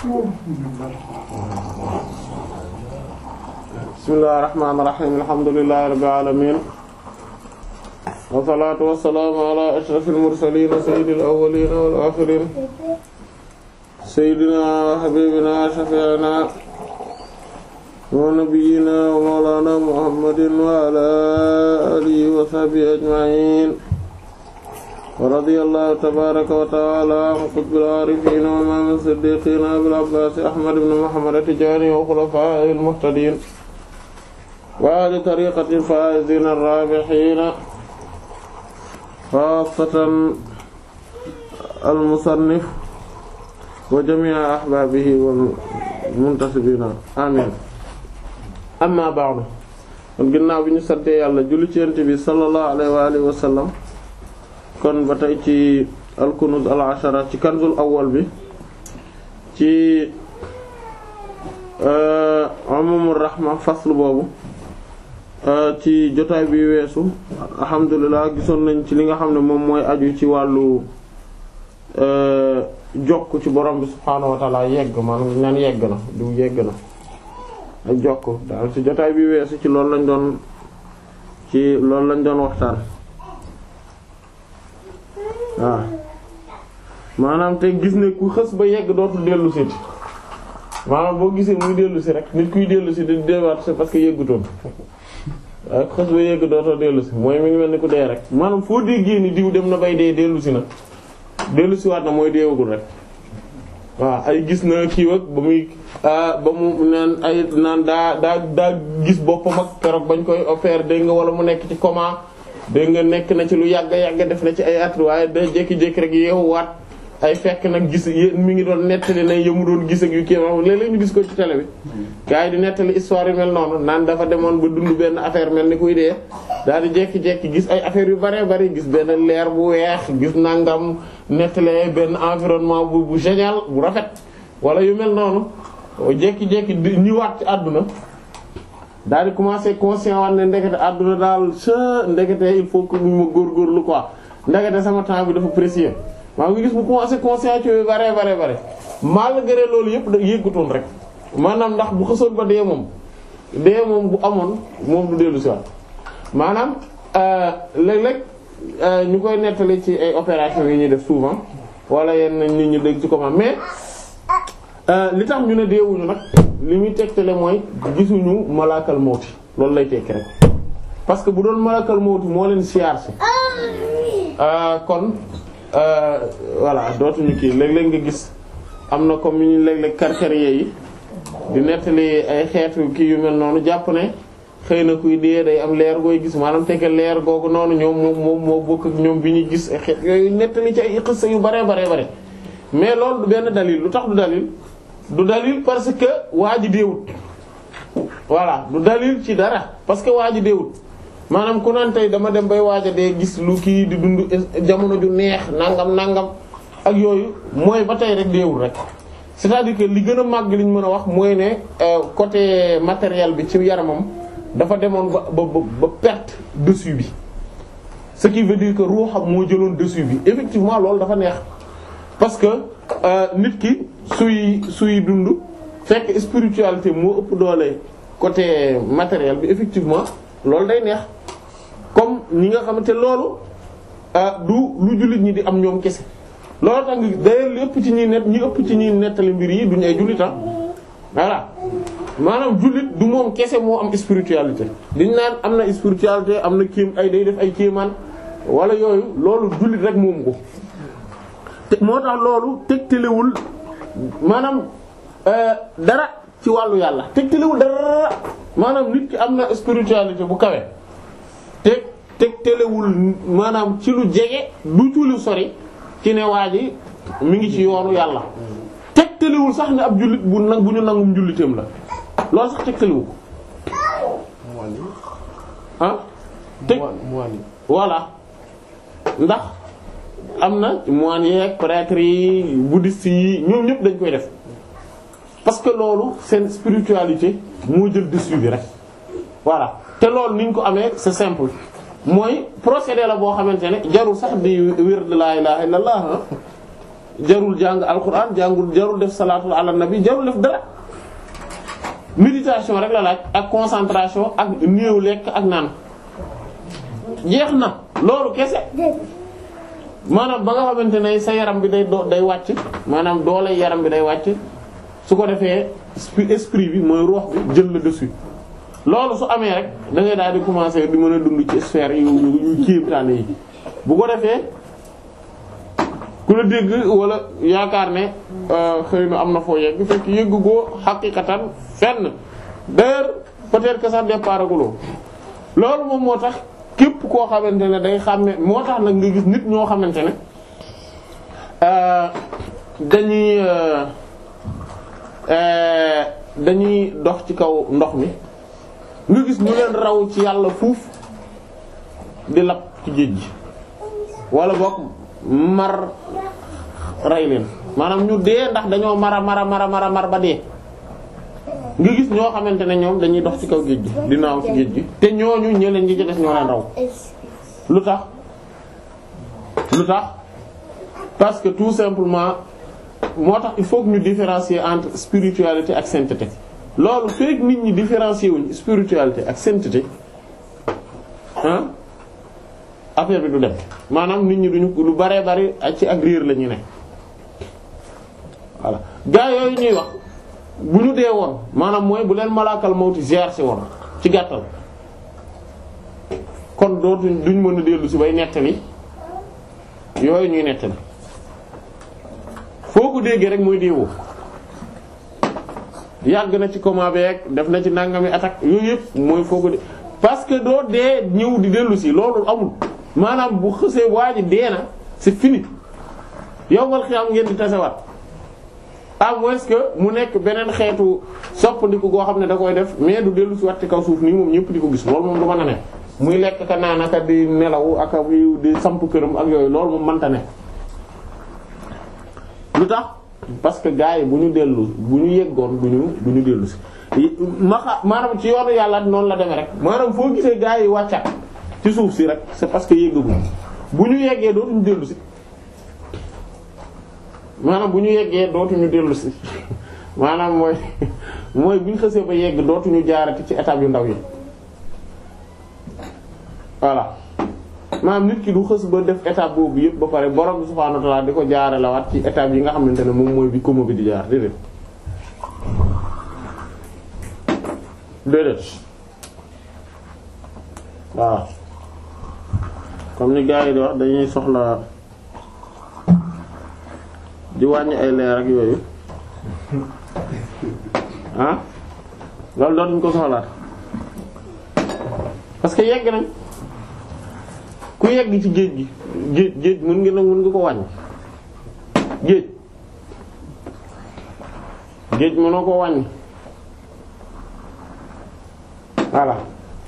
bismillahir rahmanir rahim alhamdulillahi rabbil alamin wa salaatu wa salaamu ala ashrafil mursaliin sayyidil awwaliin wal aaxiriin sayyidinaa wa habiibinaa shafii'inaa wa nabiyyinaa wa mawlaanaa muhammadin wa ala aalihi wa sahbihi ajma'iin ورضي الله تبارك وتعالى عن قطب العارفين وإمام الصديقين أبي العباس أحمد بن محمد التجاني وخلفائه المهتدين وأهل طريقة الفائزين الرابحين خاصة المصنف وجميع أحبابه والمنتسبين آمين أما بعد ginnaaw bi ñu sante Yàlla julli ci Yonent bi sallallahu alayhi wa alihi wa sallam kon ba tey ci alkunuz al ashara ci kanzul awwal bi ci euh, umumur rahma boobu euh, ci jotaay bi weesu alhamdulilah gisoon nañ ci li nga xam ne moom mooy aju ci wàllu euh, jokk ci borom bi subhaanahu wa ta'ala yegg maanaam ñaan yegg na du yegg na ak jokk daal ci jotaay bi weesu ci loolu lañ doon ci loolu lañ doon waxtaan waaw maanaam te gis ne ku xës ba yegg dootu dellu si maanaam boo gisee muy dellu si rek nit kuy dellu si di deewaat c'est parce que yeggutoon waaye ku xës ba yegg dootul dellu si mooy mi ngi mel ni ku dee rek maanaam foo déggee ni diw dem na bay dee dellu si na dellu si waat na mooy deewagul rek waaw ay gis na kii ba muy ah, ba mu naan ay naan daa daa daa gis boppam ak keroog bañ koy opérer dégg nga wala mu nekk ci comment dégg nga nekk na ci lu yàgg yàgg def na ci ay at waaye da jékki-jékki rek yeewuwaat ay fekk nag gis mu ngi doon nettali na yëmu doon gis ak yu kii wax ñu gis ko ci télé bi. gars yi nettali histoire yu mel noonu naan dafa demoon ba dund benn affaire mel ni kuy dee daal di jékki-jékki gis ay affaire yu bare bari gis benn leer bu weex gis nangam nettalee benn environnement bu bu génial bu rafet wala yu mel noonu jékki-jékki di waat ci àdduna. daal di commencer conscient waat ne ndekete àdduna daal sa ndekete il faut que ñu ma góorgóorlu quoi ndekete sama temps bi dafa précieux maa ngi gis mu commencer conscient ci yu bare bare bare malgré loolu yëpp da yëggutoon rek maanaam ndax bu xësoon ba dee moom dee moom bu amoon moom du dellu si waat maanaam euh, léeg-léeg euh, ñu koy nettali ci ay opération yi ñuy def souvent wala yenn nit ñu dégg ci comment mais euh, li tax ñu ne deewuñu nag. li muy tegtale mooy gisuñu malaakal mawti loolu lay tekki rek parce que bu doon malaakal mawti moo leen siyaar si euh, kon euh, voilà dootuñu kii léeg-léeg nga gis am na comme ñu léeg-léeg karkariye yi di nettali ay xeetu kii yu mel noonu jàpp ne xëy na kuy dee day am leer gooy gis maanaam teke leer googu noonu ñoom moom moo bokk ak ñoom bi ñuy gis ay xeet yooyu nettali ci ay xissa yu bare bare bare mais loolu du benn dalil lu tax du dalil du dalil parce que waa ji deewut voilà du dalil ci dara parce que waa ji maanaam ku naan tey dama dem bay waaj de dee gis lu kii di dund jamono ju neex nangam nangam ak yooyu mooy ba tey rek deewul rek c'est-à-dire que li gën a màgg li ñu mën a wax mooy ne euh, côté matériel bi ci yaramam dafa demoon ba ba ba perte dessus bi ce qui veut dire que ruuxam moo jëloon dessus bi effectivement loolu dafa neex. parce que euh, nit ki suy suy dund fekk spiritualité moo ëpp doole côté matériel bi effectivement loolu day neex comme ñi nga xamante loolu euh, du lu jullit ñi di am ñoom kese loolu tax d'ailleurs li ëpp ci ñuy net ñi ëpp ci ñuy nettali mbir yi duñu ay jullit ah voilà maanaam jullit du moom kese moo am spiritualité liñ naan am na spiritualité am na kéem ay day def ay kéemaan wala yooyu loolu jullit rek moomu ko te moo tax loolu tegtalewul maanaam euh, dara ci wàllu yàlla tegtalewul dara maanaam nit ki am na spiritualité bu kawe te tegtalewul maanaam ci lu jege du ci lu sori ci ne waa ji mu ngi ci yoonu yàlla tegtalewul sax ne ab jullit bu nag bu ñu nangum julliteem la loolu sax tegtaliwu ko ah? teg voilà ndax am na moines yeeg prêtre yi bouddhistes yi ñoom ñëpp dañ koy def parce que loolu seen spiritualité moo jël dessus bi rek voilà te loolu ni ko amee c'est simple mooy procédé la boo xamante ne jarul sax di wér de la ilaha illallah ah. jarul jàng alquran jàngul jarul def salaatul ala nabi jarul def dara méditation rek la laaj ak concentration ak néew lekk ak naan jeex na loolu kese. maanaam ba nga xamante ne sa yaram bi day do day wàcc maanaam doole yaram bi day wàcc su ko defee esprit bi mooy ruux bi jël le dessus loolu su amee rek da ngay daal di commencer di mën a dund ci sphère yu yu kéemtaane yi bu ko defee ku la dégg wala yaakaar ne euh, xëy na am na foo yegg fekk yëgg goo xaqiqatan fenn d'ailleurs peut-être que ça départaguloo loolu moom moo tax képp koo xamante ne day xàmme moo tax nag nga gis nit ñoo xamante ne euh, dañuy euh, euh, dañuy dox ci kaw ndox mi nga gis ñu leen raw ci yàlla fuuf di lab ci géej gi wala boog mar rey leen maanaam ñu dee ndax dañoo mara mara mara mara mar ba dee nga gis ñoo xamante ne ñoom dañuy dox ci kaw géej gi di naaw ci géej gi te ñooñu ñeneen ñi ci des ñoo leen raw lu tax lu tax parce que tout simplement moo tax il faut ñu différencier entre spiritualité ak sainteté loolu fekk nit ñi différencier wuñ spiritualité ak sainteté ah affaire bi du dem maanaam nit ñi duñu lu baree bari ci ak riir la ñu ne voilà gaa yooyu ñuy wax. bu ñu dee woon maanaam mooy bu leen malaakal mawti ziar si woon ci gàttal kon dootuñ duñ mën a dellu si bay nettali yooyu ñuy nettali foo ko déggee rek mooy déewoo yàgg na ci coma beeg def na ci nangami attaque yooyu yëpp mooy foo ko dé parce que doo dee ñëw di dellu si loolu amul maanaam bu xësee waa ji dee na c'est fini yow nga xam ngeen di tasewaat à moins que mu nekk beneen xeetu soppandiku goo xam ne da koy def mais du dellu si waat ci kaw suuf nii moom ñëpp di ko gis loolu moom du mën a ne muy lekk ka naan aka di nelaw ak di samp këram ak yooyu loolu moom mënta ne lu tax parce que gars yi bu ñu dellu bu ñu yeggoon du ñu ñu dellu si maxa maanaam ci yoonu yàlla noonu la deme rek maanaam foo gisee gars yi wàccat ci suuf si rek c'est parce que yeggaguñ bu ñu yeggee dootuñu dellu si maanaam bu ñu yeggee dootuñu dellu maanaam mooy mooy bu xësee ba yegg dootuñu jaarati ci étape yu ndaw yi voilà maanaam nit ki du xës ba def étape boobu yëpp ba pare borom subhaanahu wa ta'aala di ko jaare lawaat ci étape yi nga xamante ne moom mooy bi koma bi di jaar déedéet déedéet waaw comme ni gars yi di wax dañuy soxla di wàññi ay leer ak yooyu ah loolu dootuñ ko soxlaat parce que yegg nañ ku yegg ci géej gi géej géej mën nga mën nga ko wàññi géej géej mënoo ko wàññi voilà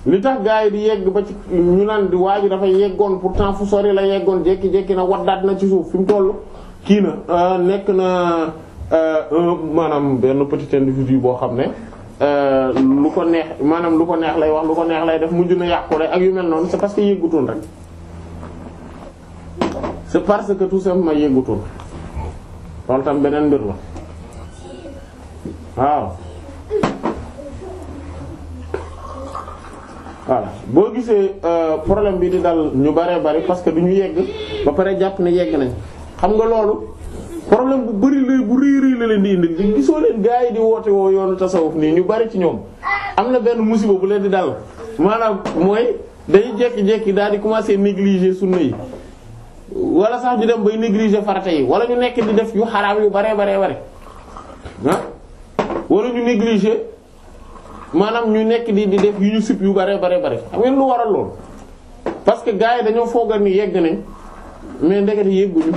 li tax gars yi di yegg ba ci ñu naan di waaju dafay yeggoon pourtant fu sori la yeggoon jékki-jékki na waddaat na ci suuf fi mu tollu kii na euh, nekk na euh, maanaam benn petit individu boo xam ne euh, lu ko neex maanaam lu ko neex lay wax lu ko neex lay def mujj na yàqule ak yu mel noonu c'est parce que yëggutoon rek c'est parce que tout simplement yëggutoon loolu tam beneen mbir la waaw voilà boo gisee problème bi di dal ñu bare bari parce que du ñu yegg ba pare jàpp ne yegg nañ xam nga loolu problème bu bari la bu rëy rëy la leen di indi gisoo leen gaa yi di woote woo yoonu tasawuf nii ñu bari ci ñoom am na benn musiba bu leen di dal maanaam mooy day jékki-jékki daal di commencer négliger sunna yi wala sax ñu dem bay négliger farata yi wala ñu nekk di def yu xaraam yu baree baree bare ah wala ñu négliger maanaam ñu nekk di di def yu ñu sib yu baree baree bare xam ngeen lu waral loolu parce que gaa yi dañoo fooga ni yegg nañ mais ndekete yegguñu.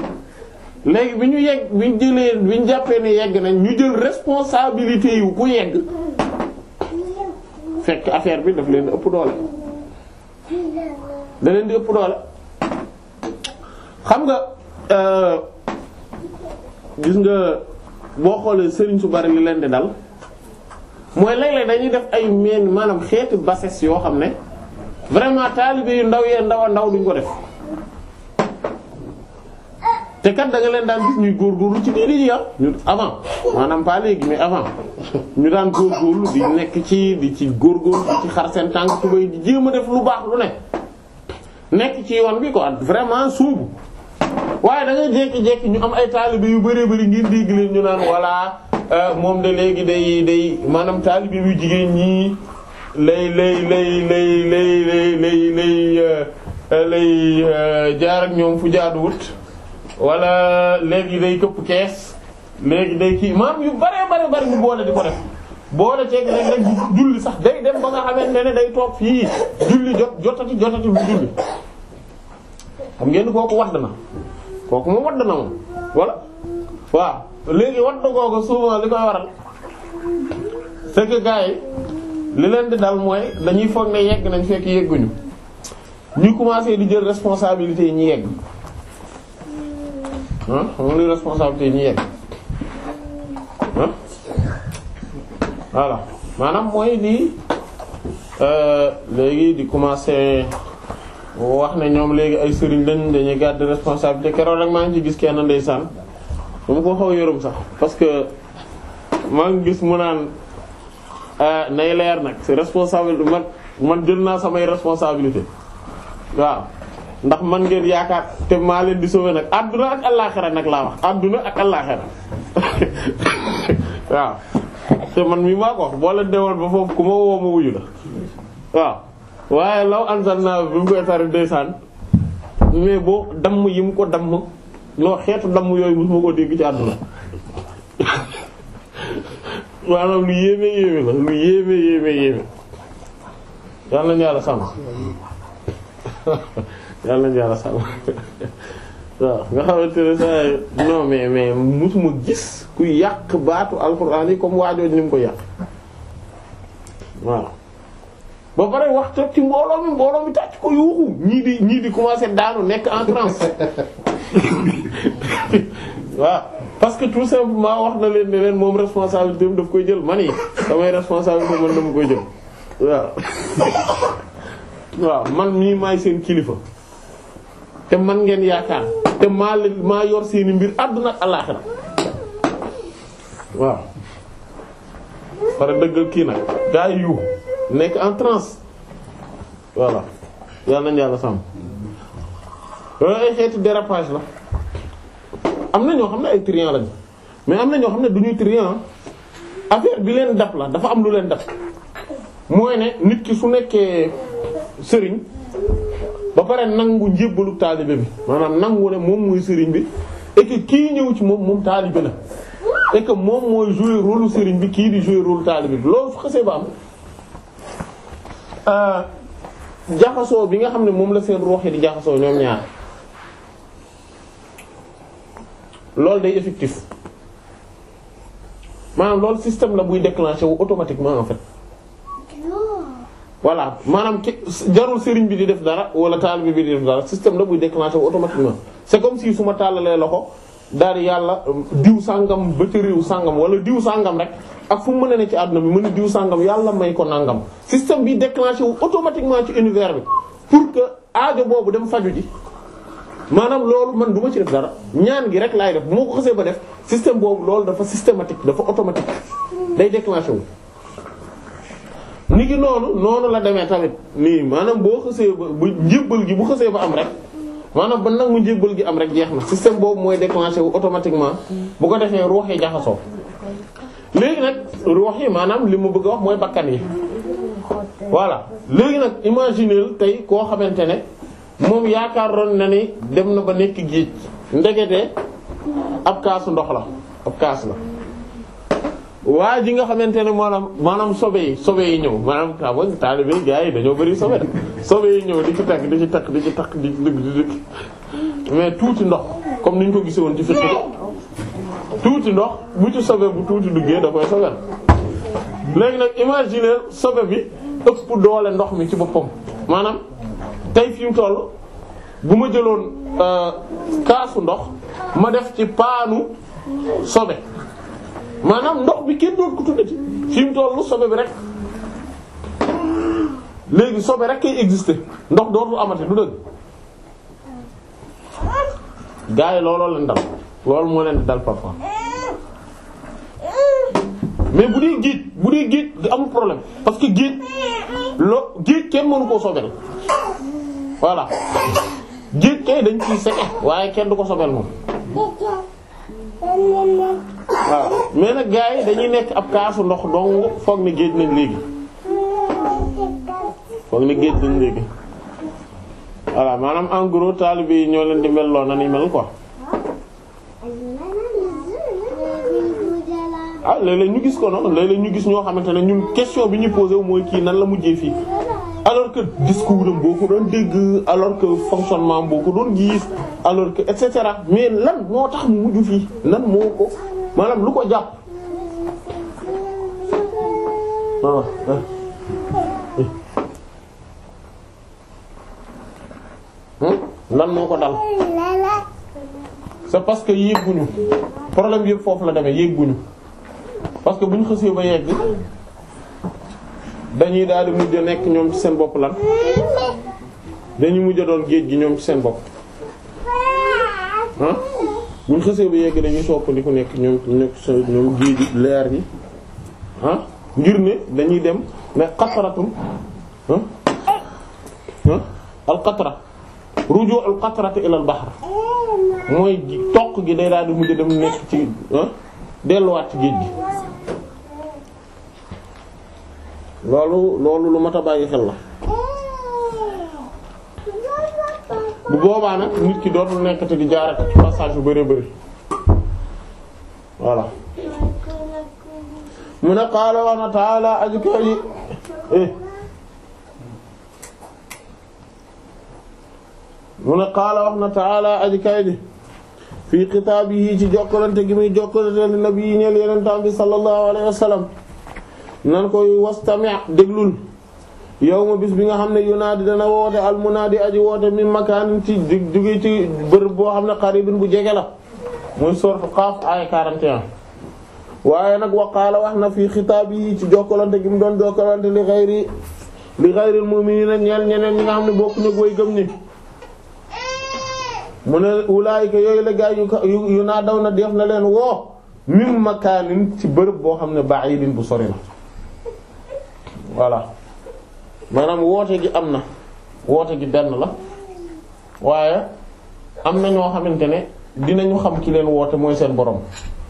léegi bi ñu yegg bi ñu jëlee bi ñu jàppee ne yegg nañ ñu jël responsabilité yu ku yegg fekk affaire bi daf leen ëpp doole da leen di ëpp doole xam nga euh, gis nga boo xoolee sëriñ su bari li leen di dal mooy léeg-léeg dañuy def ay meen maanaam xeeti bassesse yoo xam ne vraiment taalibe yu ndaw yee ndaw a ndaw duñ ko def te kat da leen daan gis ñuy góorgóorlu ci diine ji ah, ñu avant maanaam pas léegi mais avant ñu daan góorgóorlu di nekk ci di ci góor di ci xar seen tànk tubéy di jéem a def lu baax lu ne nekk ci yoon bi quoi vraiment suubu waaye da ngay jékki ñu am ay taalibe yu bëree bëri ngir dégg leen ñu naan voilà euh, moom de léegi day day maanaam taalibe yu jigéen ñi lay lay lay lay lay lay euh, euh, jaar ak ñoom fu jaaduwut. wala léegi day këpp kees léegi day kii maam yu bare bare bare boole di ko def boole ceeg rek rek julli sax day dem ba nga xamante ne day toog fii julli jot jotati jotati bu julli xam ngeen kooku wadd na kooku moom wadd na moom voilà waaw léegi wadd googu souvent li koy waral c'est que yi li leen di dal mooy dañuy foog na yegg nañ fekk yegguñu ñu commencé di jël responsabilité yi ñu yegg ah xam nga luy responsabilité ñu yegg ah voilà maanaam mooy lii euh, léegi di commencer wax ne ñoom léegi ay sëriñ lañ dañuy gàdd responsabilité keroog rek maa ngi ci gis kenn ndeysaan mu ko xaw yorum sax parce que maa ngi gis mu naan euh, nay leer nag c'est responsable man man jël naa samay responsabilité waaw ndax man ngeen yaakaar te maa leen di sauver nag adduna ak allaaxira nag laa wax adduna ak allaaxira waaw te man mii maa ko boo leen dewoon ba foofu ku ma woo ma wuyu la waaw waaye law anzalna bi mu koy tari ndeysaan mais boo damm yi mu ko damm noo xeetu damm yooyu mosuma ko dégg ci àdduna maanaam lu yéeme yéeme la lu yéeme yéeme yàlla na yàlla sàmm yàlla nañu yàlla sàmm waaw nga xamante ne saa yi mais mais musuma gis ku yàq baatu alxuraan yi comme waajooj ni mu ko yàq waaw. ba pare wax trop ci mbooloo mi mbooloo mi tàcc ko yuuxu ñii di ñii di commencer daanu nekk en transe waaw parce que tout simplement wax na leen ne moom responsabilité am daf koy jël man yi samay responsabilité man dama koy jël waaw waaw man mii maay seen kilifa. te man ngeen yaakaar te maa leen maa yor seeni mbir àdduna ak àllaaxira waaw pare dëgg kii nag gaa yi nekk en transe voilà yàlla nañ yàlla sàmm loolu ay xeeti dérapage la am na ñoo xam ne ay trian lañ mais am na ñoo xam ne du ñuy trian affaire bi leen dab la dafa am lu leen dab mooy ne nit ki su nekkee sëriñ ba pare nangu njébbalu taalibe bi maanaam nangu ne moom mooy sëriñ bi et kii ñëw ci moom moom taalibe la et que moom mooy jouer rôle sëriñ bi kii di jouer rôle taalibe bi loolu fu xasee ba am euh, jaxasoo bi nga xam ne moom la seen ruux di jaxasoo ñoom ñaar loolu day effectif maanaam loolu système la buy déclencher wu automatiquement en fait. voilà maanaam ki jarul sëriñ bi di def dara wala taalibe bi di def dara système la buy déclenché wu automatiquement c'est comme si su ma tàllalee loxo daal yàlla euh, diw sàngam ba ci réew sàngam wala diw sàngam rek ak fu mu mën a ne ci àdduna bi mën a diw sàngam yàlla may ko nàngam système bi déclenché wu automatiquement ci univers bi pour que aajo boobu dem faju ji maanaam loolu man du ma ci def dara ñaan gi rek laay def bu ma ko xasee ba def système boobu loolu dafa dafa automatique day déclenché wu ni ki noonu noonu la demee tamit nii maanaam boo xësee ba bu njébbal gi bu xësee ba am rek maanaam ba nag mu njébbal gi am rek jeex na système boobu mooy déclenché wu automatiquement bu ko defee ruux yi jaxasoo léegi nag ruux maanaam li mu bëgg a wax mooy bakkan yi voilà léegi nag imagineel tey koo xamante ne moom yaakaar yaakaaroon na ni dem na ba nekk géej ndegete ab kaasu ndox la ab kaas la waa ji nga xamante ne maanaam maanaam sobe yi sobe yi ñëw maanaam xam ah, nga taalibe gars yi dañoo bëri sobe de sobe yi ñëw di ci takk di ci takk di ci takk di ci dëgg di dëgg mais tuuti ndox comme ni ko gisee woon ci fiq tuuti ndox bu ci sobe bu tuuti duggee da koy sobel léegi nag imaginer sobe bi ëpp doole ndox mi ci boppam maanaam tey fi mu toll bu ma jëloon euh, kaasu ndox ma def ci paanu sobe maanaam ndox bi kenn doon ko tuddati fi mu tollu sobe bi rek léegi sobe rek kay exister ndox dootul amati du dëgg gars yi looloo leen dal loolu moo leen dal parfois mais bu dee géej bu dee géej amul problème parce que géej loo géej kenn mënu koo sobel voilà géej kay dañ ciy seke waaye kenn du ko sobel moom waaw mais nag gars dañuy nekk ab kaasu ndox dong foog ne géej nañ léegi foog ne géej nañ léegi voilà maanaam en gros taalibe ñoo leen di mel loo na ni mel ko ah léeg ñu gis ko noonu léeg ñu gis ñoo xamante ne ñun question bi ñu posé wu mooy kii nan la mujjee fii. alors que discours am boo ko doon dégg alors que fonctionnement boo ko doon gis alors que et cetera mais lan moo tax mu mujj fii lan moo ko maanaam lu ko jàpp ah, ah. Hmm? lan moo ko dal c'est parce que yegguñu problème yëpp foofu la demee yegguñu parce que buñ xësee ba yegg dañuy daal di mujj a nekk ñoom ci seen bopp lan dañuy mujj doon géej gi ñoom ci seen bopp ah buñ xësee ba yegg dañuy sopp ku nekk ñoom nekk ñoom géej gi leer gi ah ngir ne dañuy dem mais xataratum ah ah alxatara ruju alxatarati ilal baxar mooy toq gi day daal di mujj dem nekk ci ah delluwaat ci géej gi. loolu loolu lu mat a bàyyi xel la bu boobaa nag nit ki dootul nekkati di jaarati ci passage yu bëree bëri voilà mu ne qaala wax na taala aju ko eh. mu ne qaala wax na taala aji kay ji fii xitaab yi ci jokkalante gi muy jokkalante nabi yi ñeel yeneen bi sallallahu alayhi wa nan koy wastami' déglul yow ma bis bi nga xam ne yunaadi dana woote al di aji woote min makaanin ci jóge ci bërëb boo xam ne qaribin bu jege la muy sourate Qaaf aaya 41 waaye nag na fii xitaab yi ci jokkalante gi mu doon jokkalante li xayri li xayril mu'miniina ñeel ñeneen nga xam ne bokk na way gëm ñi ne ulaayika yooyu la gaay yu naa daw na def na leen woo min makaanin ci bërëb boo xam ne ba'idin bu sori la voilà maanaam woote gi am na woote gi benn la waaye am na ñoo xamante ne dinañu xam ki leen woote mooy seen borom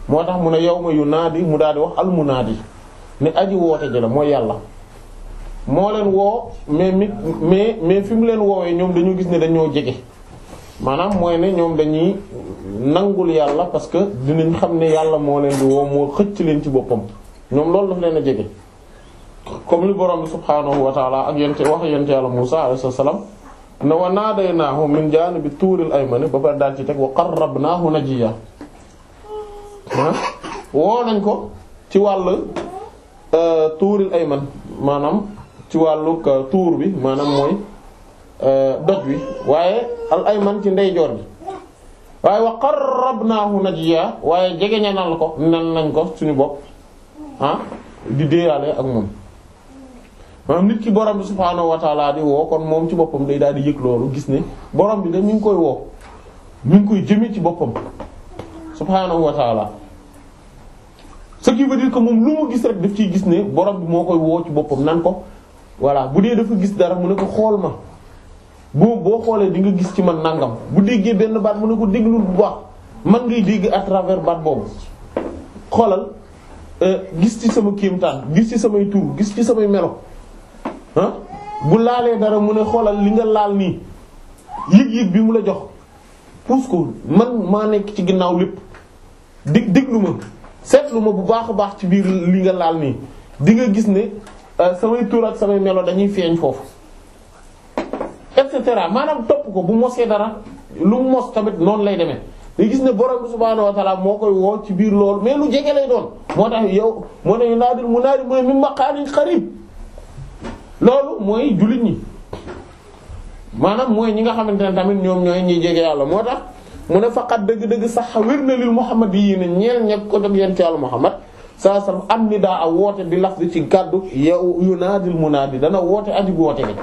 moo tax mu ne yawma yunaadi mu daal di wax al munaadi ne aji woote ji la mooy yàlla moo leen woo mais mi mais mais fi mu leen woowee ñoom dañu gis ne dañoo jege maanaam mooy ne ñoom dañuy nangul yàlla parce que dinañ xam ne yàlla moo leen di woo moo xëcc leen ci boppam ñoom loolu daf leen a jege. comme li borom bi subhaanahu wa taala ak yente wax yente yàlla Muusaa alayhi salaam ne wa naadaynaahu min jaanibi tuuril aymani ba pare daal ci teg wa qarrabnaahu najiya woo nañ ko ci wàll euh, tuuril ayman maanaam ci wàllu euh, tuur bi maanaam mooy euh, doj waaye al ayman ci ndeyjoor bi waaye wa qarrabnaahu najiya waaye jege ñanal ko nan nañ ko suñu bopp di déeyaale ak moom maanaam nit ki borom bi subhaanahu wa taala di woo kon moom ci boppam day daal di yëg loolu gis ne borom bi da mi ngi koy woo mi ngi koy jëmee ci boppam subhaanahu wa taala ce qui veut dire que moom lu mu gis rek daf ciy gis ne borom bi moo koy woo ci boppam nan ko voilà bu dee dafa gis dara mu ne ko xool ma boo boo xoolee di nga gis ci man nangam bu déggee benn baat mu ne ko déglul bu baax man ngay dégg à travers baat boobu xoolal euh, gis ci sama kéemtaan gis ci samay tur gis ci samay melo bu laalee dara mu ne xoolal li nga laal nii yëg-yëg bi mu la jox puus ko man maa nekk ci ginnaaw lépp dig diglu ma seetlu ma bu baax a baax ci biir li nga laal nii di nga gis ne euh, samay tur samay melo dañuy feeñ foofu et cetera maanaam topp ko bu mosee dara lu mu mos tamit noonu lay demee day gis ne borom bi subhaanahu moo koy woo ci biir loolu mais lu jege lay doon moo tax yow moo ne yunaadil munaadi mu ne min maqaanin qariib loolu mooy jullit ñi maanaam mooy ñi nga xamante ne tamit ñoom ñooy ñiy jege yàlla moo tax mu ne faqat dëgg-dëgg sax wér na lil Muhammad yi ne ñeel ñeg ko dog yent yàlla Muhammad saa am ni daa ak woote di laf di ci gàddu yow yunaadil munaadi dana woote aji woote bi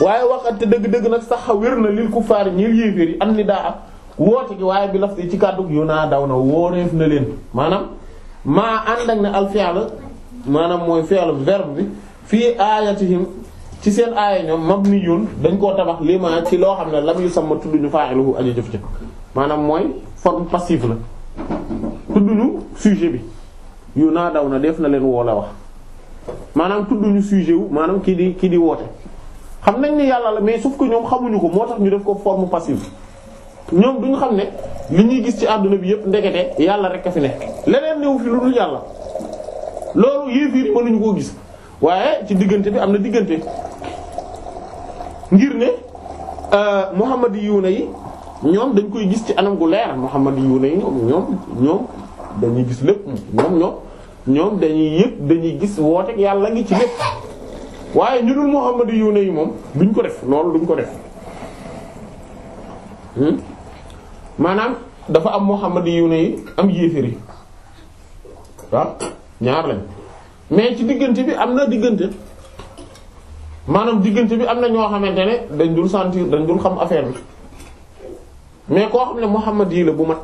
waaye waxante dëgg-dëgg nag sax wér na lil kufaar ñeel yéeféer yi am ni daa ak woote gi waaye bi laf di ci gàddu yu naa daw na wooreef na leen maanaam maa ànd ak ne alfiala maanaam mooy fi'l verbe bi fii aayatihim ci seen aaya ñoom mabniyun dañ koo tabax lii ma ci loo xam ne lam yu sama tudduñu fa'iluhu aji jëf ci maanaam mooy forme passive la tudduñu sujet bi yu naa daw na def na leen woo la wax maanaam tudduñu sujet wu maanaam kii di kii di woote xam nañ ni yàlla la mais sauf ko ñoom xamuñu ko moo tax ñu def ko forme passive ñoom duñu xam ne li ñuy gis ci àdduna bi yépp ndekete yàlla rek a fi ne leneen néew fi yàlla loolu yéefir yi mënuñu koo gis waaye ci diggante bi am na diggante ngir ne euh, Muhammad yuuna yi ñoom dañ koy gis ci anam gu leer Muhammad yuuna yi ñoom ñoom ñoom dañuy gis lépp ñoom ñoom ñoom dañuy yëpp dañuy gis wooteek yàlla ngi ci lépp waaye ñu dul Muhammad yuuna yi moom duñ ko def loolu duñ ko def hmm? maanaam dafa am Muhammad yuuna yi am yéefir yi ñaar lañ mais ci diggante bi am na diggante maanaam diggante bi am na ñoo xamante ne dañ dul sentir dañ dul xam affaire bi mais koo xam ne Muhammad yi la bu mat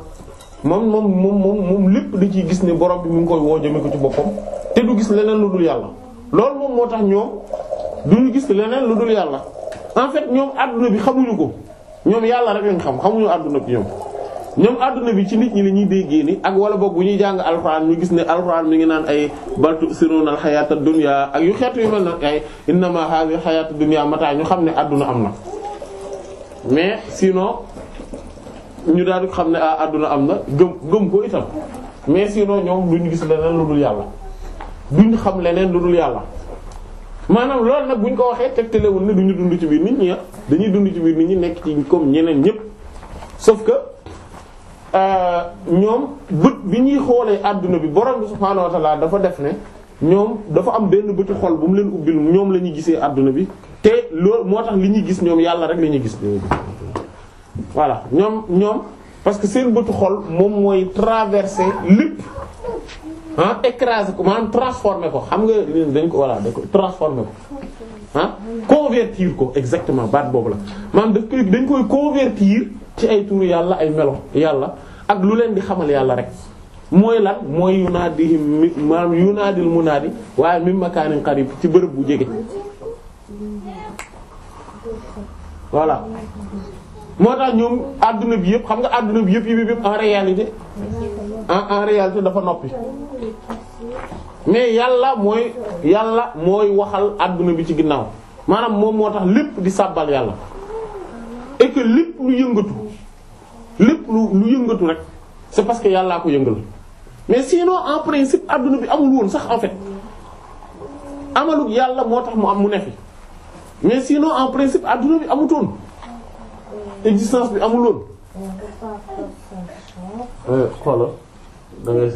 moom moom moom moom moom lépp da ciy gis ne borom bi mu ngi koy woo jëme ko ci boppam te du gis leneen lu dul yàlla loolu moom moo tax ñoom duñu gis leneen lu dul yàlla en fait ñoom àdduna bi xamuñu ko ñoom yàlla rek lañ xam xamuñu àdduna bi ñoom ñoom àdduna bi ci nit ñi la ñuy déggee ni ak wala boog bu ñuy jàng alxuraan ñu gis ne alxuraan mi ngi naan ay baltu siruna alxayata dunya ak yu xeetu yu mel na ay innama hadhihi alxayata dunya ñu xam ne àdduna am na mais ñu daal xam ne ah àdduna am na gëm gëm ko itam mais sinon ñoom ñu gis leneen lu dul yàlla duñ xam leneen lu dul yàlla maanaam loolu nag buñ ko waxee tegtalewul du ñu dund ci biir nit ñi ah dañuy dund ci biir nit ñi nekk ci comme ñeneen ñépp Euh, ñoom bët bi ñuy xoolee àdduna bi borom bi subhaanahu wa ta'ala dafa def ne ñoom dafa am benn bëtu xol bu mu leen ubbil ñoom la ñuy gisee àdduna bi te loolu moo tax li ñuy gis ñoom yàlla rek la ñu gis. voilà ñoom ñoom parce que seen bëtu xol moom mooy traverser lépp ah écraser ko maanaam transformer ko xam nga dañ ko voilà dañ ko transformer ko. ah convertir ko exactement baat boobu la maanaam daf koy dañ koy convertir. ci ay turu yàlla ay melo yàlla ak lu leen di xamal yàlla rek mooy la mooy yunaadihim maanaam yunaadil munaadi waaye min makaanin ci bërëb bu jege voilà moo tax ñoom àdduna bi yëpp xam nga àdduna bi yëpp yëpp yëpp en réalité en en réalité dafa noppi mais yàlla mooy yàlla mooy waxal àdduna bi ci ginnaaw maanaam moom moo tax lépp di sàbbal yàlla et que lépp lu yëngatu lépp lu lu yëngatu rek c'est parce que yàllaa ko yëngal mais sinon en principe àdduna bi amul woon sax en fait amalu yàlla moo tax mu am mu ne fi mais sinon en principe àdduna bi amutoon existence bi amul woon. Euh, xoolal da ngay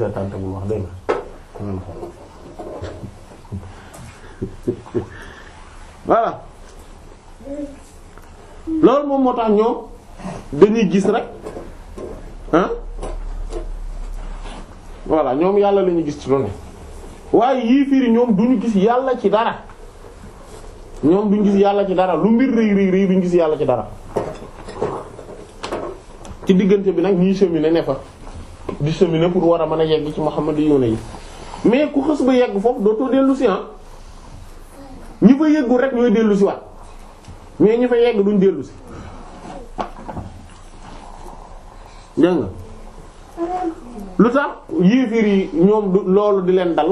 loolu moom moo tax ñoom dañuy gis rek ah voilà ñoom yàlla la gis ci lu ne waaye yii firi ñoom duñu gis yàlla ci dara ñoom duñu gis yàlla ci dara lu mbir rëy rëy rëy duñu gis yàlla ci dara ci diggante bi nag ñii cheminer ne fa di cheminer pour war a mën a yegg ci Muhammad yi yoona yi mais ku xës ba yegg foofu dootoo dellu si ah ñi fa yeggu rek ñooy dellu si mais ñi fa yegg duñ dellu si dégg nga lu tax yéefir yi ñoom du loolu di leen dal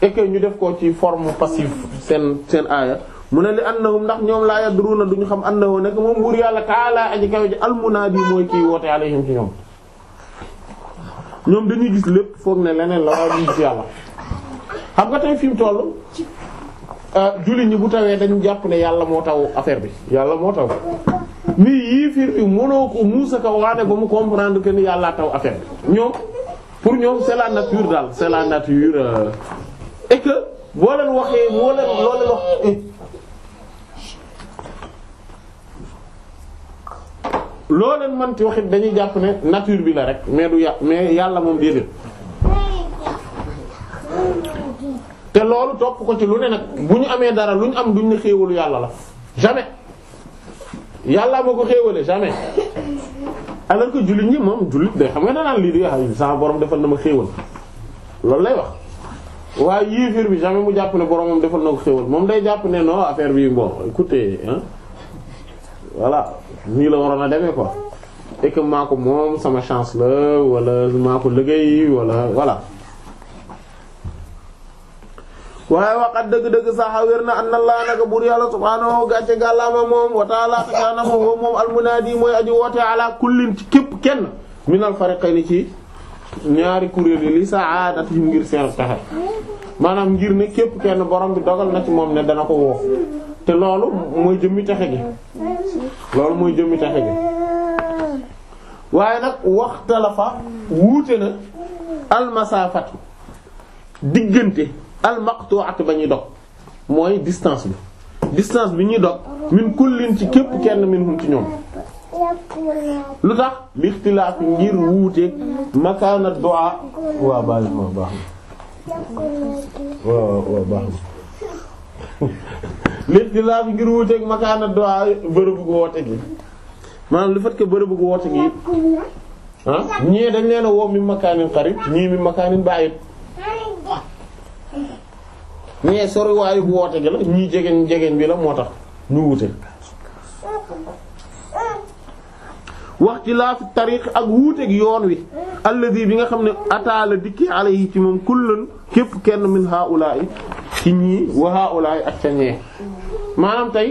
et ñu def ko ci forme passive seen seen aaya mu ne li annahum ndax ñoom laa na duñu xam na annahu nekk moom buur yàlla taalaa aji kaw ji almunaadi mooy kii woote alayhim ci ñoom ñoom dañuy gis lépp foog ne leneen la waaye duñ gis yàlla xam nga tey fi tollu Euh, jullit ñi bu tawee dañu jàpp ne yàlla moo taw affaire bi yàlla moo taw mi yii fiir bi mënoo ko muusa ko waane ba mu comprendre que ni yàllaa taw affaire bi ñoom pour ñoom c'est la nature daal c'est la nature euh. et que boo leen waxee boo leen loo wax eh. loo man ci waxit dañuy jàpp ne nature bi la rek mais du yà mais yàlla moom déedéet loolu topp ko ci lu ne nag bu ñu amee dara lu ñu am duñ ne xéewalu yàlla la jamais yàlla moo ko xéewale jamais alors que jullit ñi moom jullit day xam nga ne naan lii di wax sama borom defal na ma xéewal loolu lay wax waaye yéeféer bi jamais mu jàpp ne boromam defal na ko xéewal moom day jàpp ne noo affaire bi bon écoutez hein voilà nii la waroon a demee quoi et maa ko moom sama chance la wala maa ko liggéey wala voilà. waaye waxat dëgg-dëgg saxa wér na an Allah naka buur yàlla subhaanahu gàcce gàllaama moom wa ta'ala takaana moom moom almunaadi mooy aji woote ala kullin ci képp kenn minal fariqayni ci ñaari kuréel yi li sa'aadatihim ngir seen taxe maanaam ngir ne képp kenn borom bi dogal na ci moom ne dana ko woo te loolu mooy jëmmi taxe gi loolu mooy jëmmi taxe gi waaye nag waxtalafa wuute na almasaafatu diggante al maqtu'at ba ñuy dog mooy distance bi distance bi ñuy dog min kullin ci képp kenn minhum ci ñoom lu tax li ixtilaaf ngir wuuteeg makaana du'a waa baax na baax na waaw baax na li ixtilaaf ngir lu fekk bërëb woote gi ah ñii dañ leen a woo mi makaanin qarib ñii mi makaanin ba'id ñee soriwaayu bu woote gi la ñii jegeñ jegeñ bi la moo tax ñu wute wax ci laafi tariq ak wuuteeg yoon wi alladi bi nga xam ne ataala dikki yi ci moom kullan képp kenn min haula'i ci ñii wa haula'i ak ca ñee maanaam tey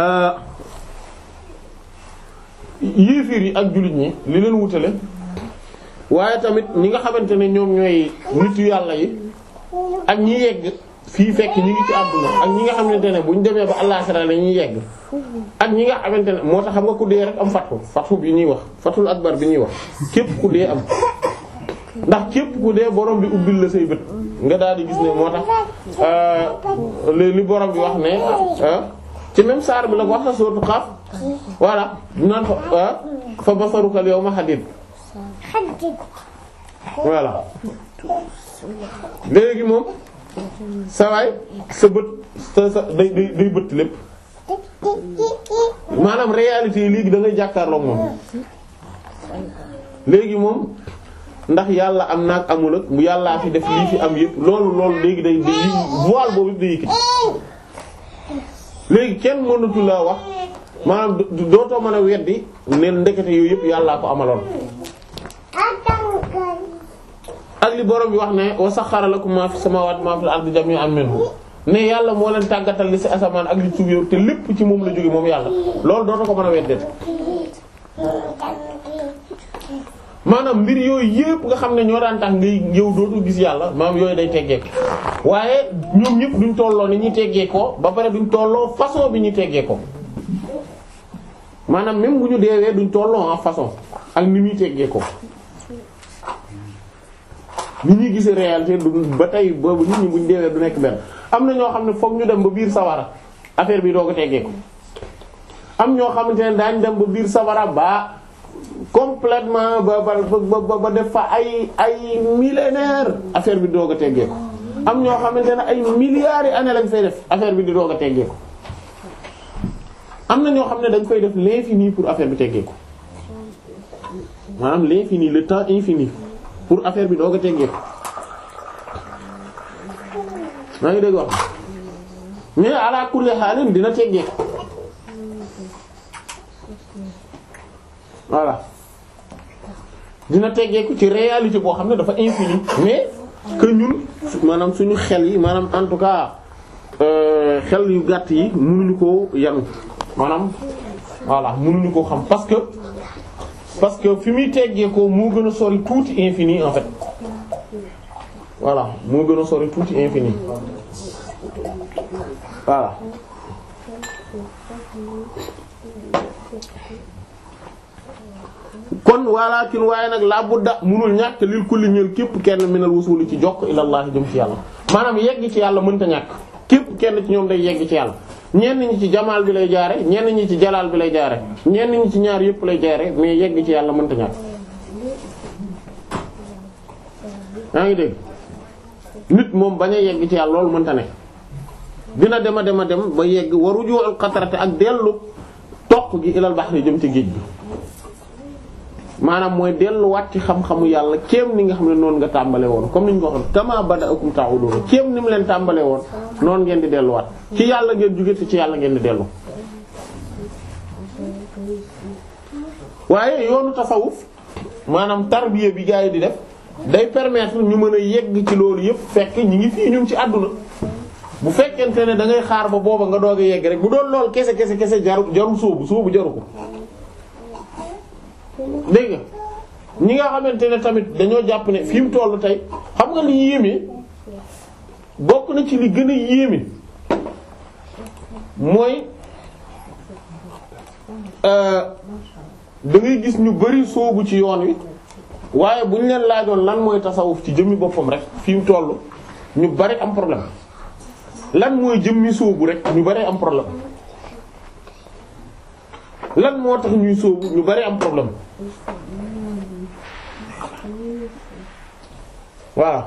euh, yéefir yi ak jullit ñi li leen wutale waaye tamit ñi nga xamante ne ñoom ñooy nitu yàlla yi ak ñi yegg fii fekk ñi ngi ci àdduna ak ñi nga xamante ne bu ñu demee ba àllaaxira yi ñuy yegg ak ñi nga xamante ne moo tax xam nga ku dee rek am fatxu fatxu bi ñuy wax fatxul akbar bi ñuy wax képp ku dee am ndax képp ku dee borom bi ubbil la say bët nga daal di gis ne moo tax euh, li borom bi wax ne euh, ci même saar bi la wax na sóotu xaaf voilà naan fa euh, basaruka al yawma hadid voilà léegi moom sawaay sa bët sa sa day day bët lépp maanaam réalité yi léegi dangay ngay jàkkaarloo moom léegi moom ndax yàlla am naag amul ak mu yàllaa fi def lii fi am yëpp loolu loolu léegi day day voile boobu yëpp day yëkkati léegi kenn mënatu laa wax maanaam dootoo mën a weddi ne ndekete yooyu yëpp yàllaa ko amaloon ak li borom bi wax ne wa saxxara lakum ma fi samawati ma fil ardi jami'an minhu ne yàlla moo leen tàggatal li si asamaan ak li ci suuf te lépp ci moom la jóge moom yàlla loolu doota ko mën a weddet maanaam mbir yooyu yëpp nga xam ne ñoo daan tax ngay yow dootu gis yàlla maam yooyu day teggeeku waaye ñoom ñëpp duñ tolloo ni ñuy teggee ko ba pare duñ tolloo façon bi ñu teggee ko maanaam même bu ñu deewee duñ tolloo en façon ak ni muy teggee ko ni ñuy gisee réalité du ba tey boobu nit ñi buñ deewee du nekk benn am na ñoo xam ne foog ñu dem ba biir sawara affaire bi doo ko teggeeku ñoo xamante ne daañ dem ba biir sawara ba complètement ba ba ba def fa ay ay millénaire bi doog a teggee ko am ñoo xamante ne ay milliards yi année lañ fay def affaire bi di doog a teggee ko am ñoo xam ne dañ koy def l'infini pour affaire bi teggee ko maanaam l'infini le temps infini pour affaire bi doo ko teggee maa ngi dégg wax mais ala kulli xaalin dina teggee voilà dina teggeeku ci réalité boo xam ne dafa infini mais que ñun maanaam suñu xel yi maanaam en tout cas euh, xel yu gàtt yi mënuñu koo yanu maanaam voilà mënuñu koo xam parce que parce que fi muy teggee ko moo gën a sori tuuti infini en fait voilà moo gën a sori tuuti infini voilà kon walakin waaye nag laa budda munul ñàkk lil kulli ñeel képp kenn minal wasuli ci jokk ilallaahi jëm ci yàlla maanaam yegg ci yàlla mënta ñàkk képp kenn ci ñoom day yegg ci yàlla ñenn ñi ci jamaal bi lay jaare ñenn ñi ci jalaal bi lay jaare ñenn ñi ci ñaar yëpp lay jaare mais yegg ci yàlla mënta ñàkk yaa ngi dégg nit moom bañ a yegg ci yàlla loolu mënta ne dina dema dema dem ba yegg waruju al qatrate ak dellu toq gi ilal bahri jëm ci géej bi maanaam mooy delluwaat ci xam-xamu yàlla kéem ni nga xam ne noonu nga tàmbale woon comme ni ñu ko waxee kama bada'akum ta'udun kéem ni mu leen tàmbale woon noonu ngeen di delluwaat ci yàlla ngeen jóge te ci yàlla ngeen di dellu. waaye yoonu tasawuf maanaam tarbiya bi gaa yi di def day permettre ñu mën a yegg ci loolu yëpp fekk ñu ngi fii ñun ci àdduna bu fekkente ne da ngay xaar ba booba nga doog a yegg rek bu doon lool kese kese kese jaru jaru sóobu soobu jaru ko. dégg nga ñi nga xamante ne tamit dañoo jàpp ne fi mu toll tey xam nga li yéeme bokk na ci li gën a yéeme mooy euh, da ngay gis ñu bari soobu ci yoon wi waaye bu ñu leen laajoon lan mooy tasawuf ci jëmmi boppam rek fi mu toll ñu bari am problème lan mooy jëmmi soobu rek ñu bari am problème. lan moo tax ñuy sóobu ñu bari am problème waaw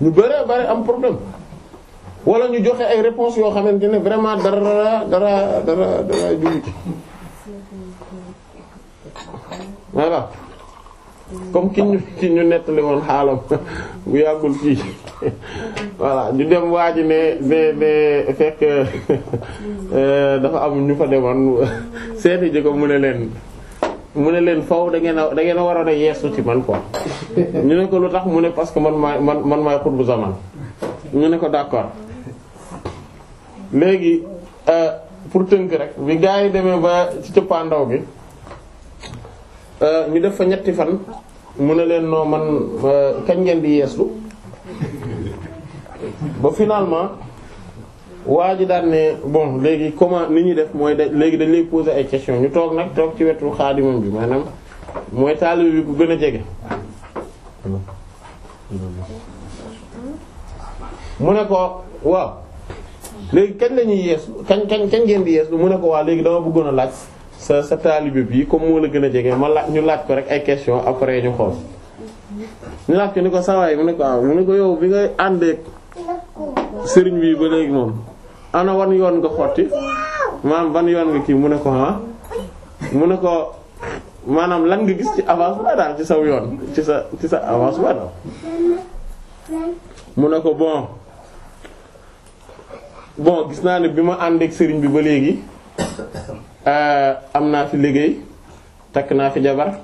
ñu bari bari am problème wala ñu joxe ay réponses yoo xamante ne vraiment dara dara dara dara jugu ci voilà comme ki ñu ki nettali woon xaalam bu yàggul kii voilà ñu dem waa ji ne ne ne fekk euh, dafa am ñu fa demoon seeti ji ko mu ne leen mu ne leen faw da ngeen da ngeen a waroon a yeesu ci man ko ñu ne ko lu tax mu ne parce que man maay man man maay xutbu zaman ñu ne ko d'accord léegi euh, pour tënk rek bi gaa yi demee ba ci cëppaandaw bi Euh, ñu def fa ñetti fan mu ne leen noo man euh, kañ ngeen di yeeslu ba finalement waa ji daan ne bon léegi comment ni ñuy def mooy da léegi dañ lay poser ay questions ñu toog nag toog ci wetu xaadimam bi maanaam mooy taalibe bi ku gën a jege. mu ne ko waaw léegi kañ la ñuy yeesu kañ kañ kañ ngeen di yeesu mu ne ko waa léegi dama bëggoon a laaj. sa sa taalibe bi comme moo la gën a jege ma laaj ñu laaj ko rek ay question après ñu xool ñu laaj ko ni ko sawaay mu ko waaw mu ne ko yow bi nga àndeek bi ba léegi moom ana wan yoon nga xotti maanaam ban yoon nga kii mu ne ko mu ne ko maanaam lan nga gis ci avancement daal ci saw yoon ci sa ci sa avancement daal mu ne ko bon bon gis naa ne bi ma àndeek sëriñ bi ba léegi Euh, am naa fi liggéey takk naa fi jabar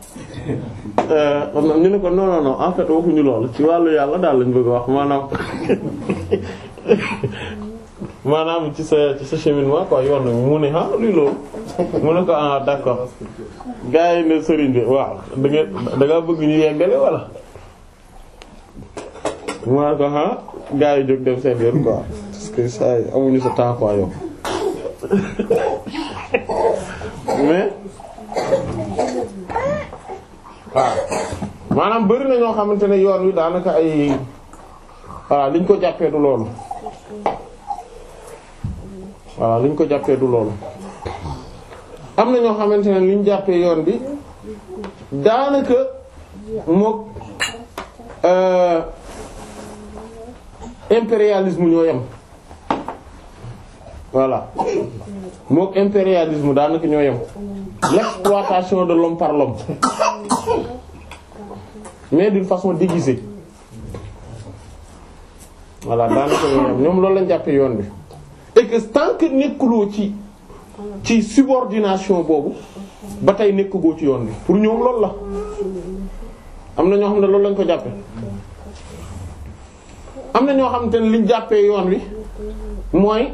xam euh, naa ñu ne ko non non non en waxuñu loolu ci wàllu yàlla daal lañu bëgg wax maanaam maanaam ci sa ci sa cheminement quoi yoon nañu mu ne ah luy loolu mu ne ko ah d'accord gars yi ne sëriñ bi waaw da nga bëgg ñu yeggale wala. mu ko ah gars yi jóg dem seen yoon quoi parce que saa yi amuñu sa temps mais waaw ah, maanaam bëri na ñoo xamante ne yoon wi daanaka ay voilà liñ ko jàppee du loolu voilà liñ ko jàppee du loolu am na ñoo xamante ne liñ jàppee yoon bi daanaka mook euh, impérialisme ñoo yem voilà mook impérialisme daanaka ñoo yem l'exploitation de l'homme par l'homme mais d'une façon déguisée voilà daanaka ñoo yem ñoom loolu lañ jàppee yoon bi et que nekkuloo ci ci subordination boobu ba tey nekkagoo ci yoon bi pour ñoom loolu la am na ñoo xam ne loolu lañ ko jàppee am na ñoo xam te ne liñ jàppee yoon wi mooy.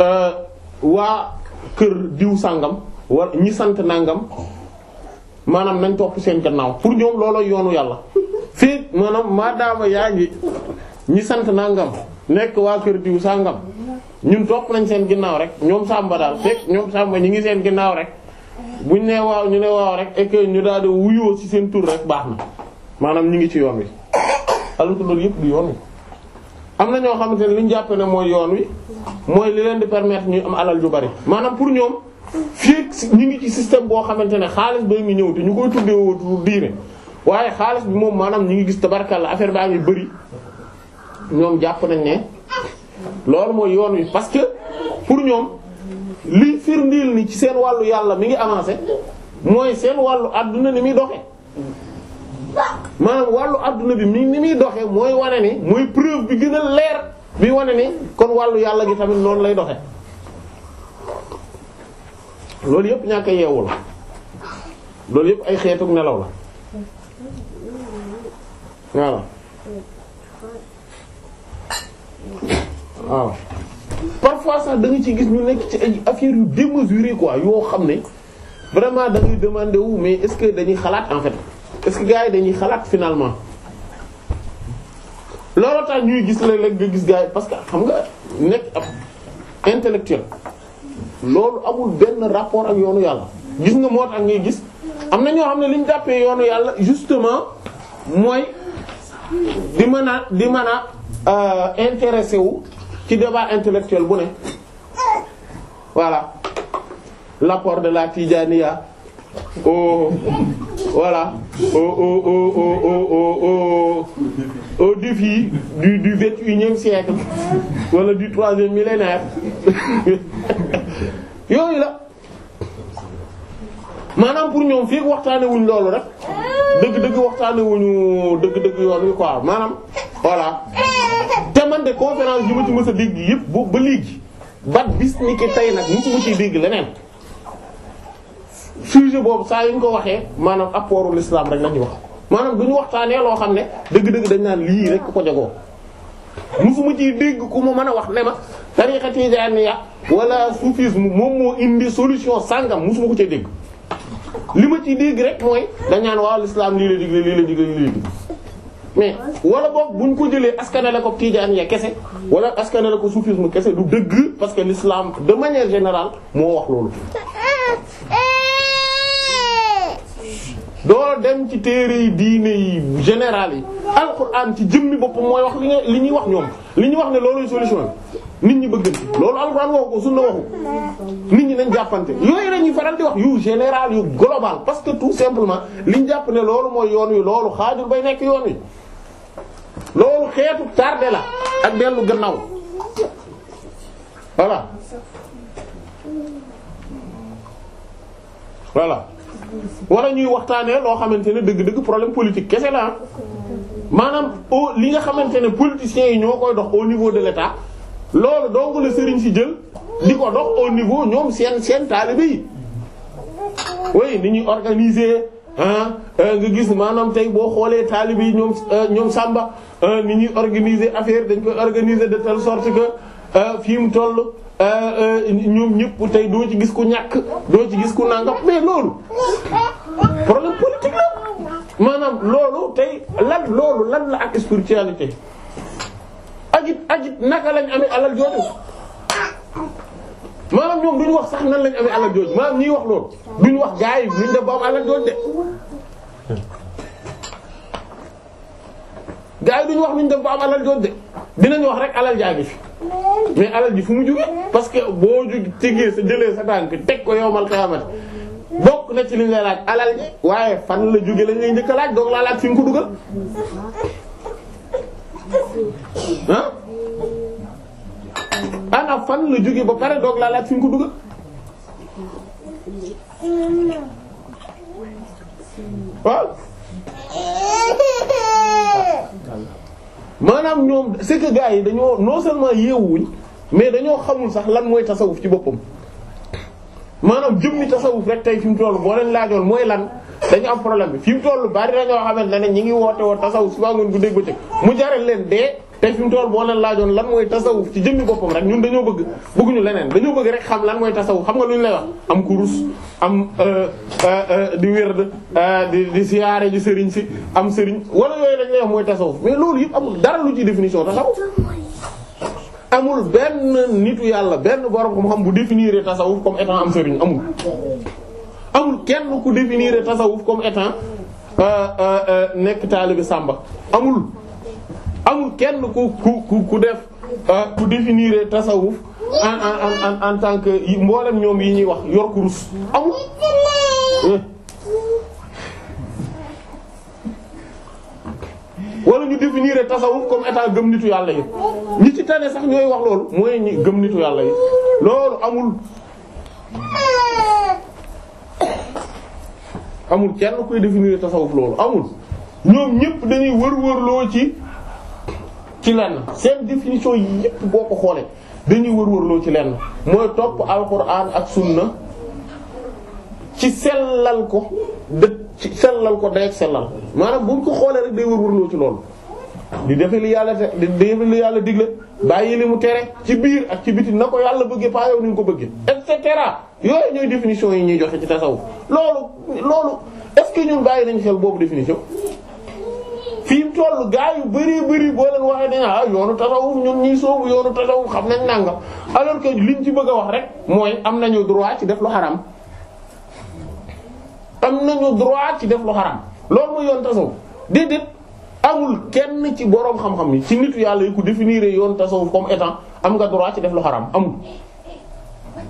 Euh, waa kër diw sàngam war ñi sant nangam maanaam nañ topp seen gannaaw pour ñoom looloo yoonu yàlla fii maanaam maadaama yaa ngi ñi sant nangam nekk waa kër diw sàngam ñun topp nañ seen ginnaaw rek ñoom sàmba daal fekk ñoom sàmba ñi ngi seen ginnaaw rek buñ nee waaw ñu ne waaw rek et ñu daal di wuyoo ci seen tur rek baax na maanaam ñu ngi ci yoon wi alors loolu yëpp du yoon am na ñoo xamante ne li ñu jàpp ne mooy yoon wi mooy li leen di permettre ñuy am alal ju bari maanaam pour ñoom fii ñu ngi ci système boo xamante ne xaalis ba ngi ñëw te ñu koy tuddee woo diine waaye xaalis bi moom maanaam ñu ngi gis tabarkalla affaire baa ngi bëri ñoom jàpp nañ ne loolu mooy yoon wi parce que pour ñoom li firndiil ni ci seen wàllu yàlla mi ngi avancé mooy seen wàllu àdduna ni muy doxe maanaam wàllu adduna bi mi ni muy doxe mooy wane ni mooy preuve bi gën a leer bi wane ni kon wàllu yàlla gi tamit noonu lay doxe loolu yëpp ñàkk a yeewu la loolu yëpp ay xeetu nelaw la voilà waaw parfois sax da ci gis ñu nekk ci ay affaires yu démesurées quoi yoo xam ne vraiment da ngay demander wu mais est-ce que dañuy xalaat enfet est-ce que gars yi dañuy xalaat finalement looloo tax ñuy gis léeg-léeg nga gis gars parce que xam nga nekk ab intellectuel loolu amul benn rapport ak yoonu yàlla gis nga moo tax ngay gis am na ñoo xam ne li ñu yoonu yàlla justement mooy di mën a di mën a euh, intéressé wu ci débat intellectuel bu ne voilà l'apport de la Tijaniya au oh, voilà au au au au au défi du du vingt et unième siècle wala du troisième millénaire yooyu la maanaam pour ñoom fii waxtaane wuñ loolu rek dëgg-dëgg waxtaane wuñu dëgg-dëgg yoon wi quoi maanaam voilà te man de conférence yi ma ci mës a dégg yëpp ba léegi bat bis ni ki tey nag mu ci ciy dégg leneen. sujet boobu saa yu ñu ko waxee maanaam apportu l'islam rek la ñuy wax maanaam du ñu waxtaanee loo xam ne dëgg-dëgg dañ naan lii rek ku ko jagoo. musuma ciy dégg ku ma mën a wax ne ma tariqa tijaaniya wala soufisme moom moo indi solution sàngam musuma ko cee dégg. li ma ciy dégg rek mooy dañ naan waaw l'islam lii la digle lii la digle lii mais wala boog buñ ko jëlee askanale ko tijaaniya kese wala askanale ko soufisme kese du dëgg parce que l'islam de manière générale moo wax loolu. doo dem ci téere yi diine yi général yi alxuraan ci jëmmi boppam mooy wax li ñuy wax ñoom li ñuy wax ne loolu solution nit ñi bëggante loolu alxuraan waxu ko sunna waxu nit ñi nañ jàppante yooyu la ñuy faral di wax yu général yu global parce que tout simplement li ñu jàpp ne loolu mooy yoon wi loolu xaajul bay nekk yoon wi loolu xeetu tardé la ak dellu gannaaw voilà voilà wala ñuy waxtaanee loo xamante ne dëgg-dëgg problème politique kese la maanaam au li nga xamante ne politiciens yi ñoo koy dox au niveau de l'État loolu dong la sëriñ si jël di ko dox au niveau ñoom seen seen taalibe yi. oui ni ñuy organiser euh, nga gis maanaam tey boo xoolee taalibe yi ñoom euh, ñoom Samba euh, ni ñuy organiser affaire dañ koy organiser de telle sorte que fii mu toll. Euh, euh, ñoom ñëpp tey doo ci gis ku ñàkk doo ci gis ku nangam mais loolu problème politique la maanaam loolu tey lan loolu lan la ak spiritualité ajit ajit naka lañ amee alal jooju maanaam ñoom duñu wax sax nan lañ amee alal jooju maanaam ñuy wax loolu duñu wax gaa yi duñ def ba am alal jooju de gaa yi duñu wax wax rek alal jaa ngi fi. mais alal ji fu mu jógee parce que boo ju sa jëlee sa tànk teg ko yowmal qiyaamati bokk na ci li nga laaj alal ji waaye fan la jóge lañ lay njëkk a laaj doog laa laaj fi nga ko dugal la jóge ba pare doog laa laaj ko dugal maanaam ñoom c'est que yi dañoo non seulement yeewuñ mais dañoo xamul sax lan mooy tasawuf ci boppam maanaam jëmmi tasawuf rek tey fi mu toll boo leen laajoon mooy lan dañu am problème bi fi mu toll bari na ñoo xamante ne ñi ngi woote woon tasawuf subaa ngoon bu dégg ba mu jaral leen dee tey fi mu toll boo leen laajoon lan mooy tasawuf ci jëmmi boppam rek ñun dañoo bëgg bëgguñu leneen dañoo bëgg rek xam lan mooy tasawuf xam nga lu ñu am kurus am euh, euh, euh, di wérd di di siyaare ji sëriñ si am sëriñ wala yooyu lañ lay mooy tasawuf mais loolu yëpp amul dara lu ci définition tasawuf amul benn nitu yàlla benn borom mu xam bu définir tasawuf comme étant am sëriñ amul amul kenn ku définir tasawuf comme étant nekk taalibi sàmba amul amul kenn ku ku ku def ah, ku définir tasawuf en en en en tant que mboolem ñoom yi ñuy wax yor kurus amul. Eh. wala ñu définir tasawuf comme état gëm nitu yàlla yi ñi ci tane sax ñooy wax loolu mooy ñi gëm nitu yàlla yi loolu amul. amul kenn kuy définir tasawuf loolu amul ñoom ñépp dañuy wër-wërloo ci. ci lenn seen définition yi yépp boo ko xoolee dañuy wër-wërloo ci lenn mooy topp alquran ak sunna ci sellal ko dë ci sellal ko day ak sellal maanaam buñ ko xoolee rek day wër ci loolu di defe li yàlla te di defe li yàlla digle bàyyi li mu kere ci biir ak ci biti na ko yàlla bëggee paa yow ni nga ko bëggee et cetera yooyu ñooy définition yi ñuy joxe ci tasawuf loolu loolu est-ce que ñun bàyyi nañ xel boobu définition fi mu toll gaa yu bari bari boo leen waxee dañu ah yoonu tasawuf ñun ñuy soobu yoonu tasawuf xam nañ nangam alors que liñ ci bëgg a wax rek mooy am nañu droit ci def lu xaram am nañu ci def lu loolu mooy yoon tasawuf déedéet amul kenn ci boroom xam-xam yi ci nitu yàlla yi ku définir yoon tasawuf comme étant am nga droit ci def lu xaram amul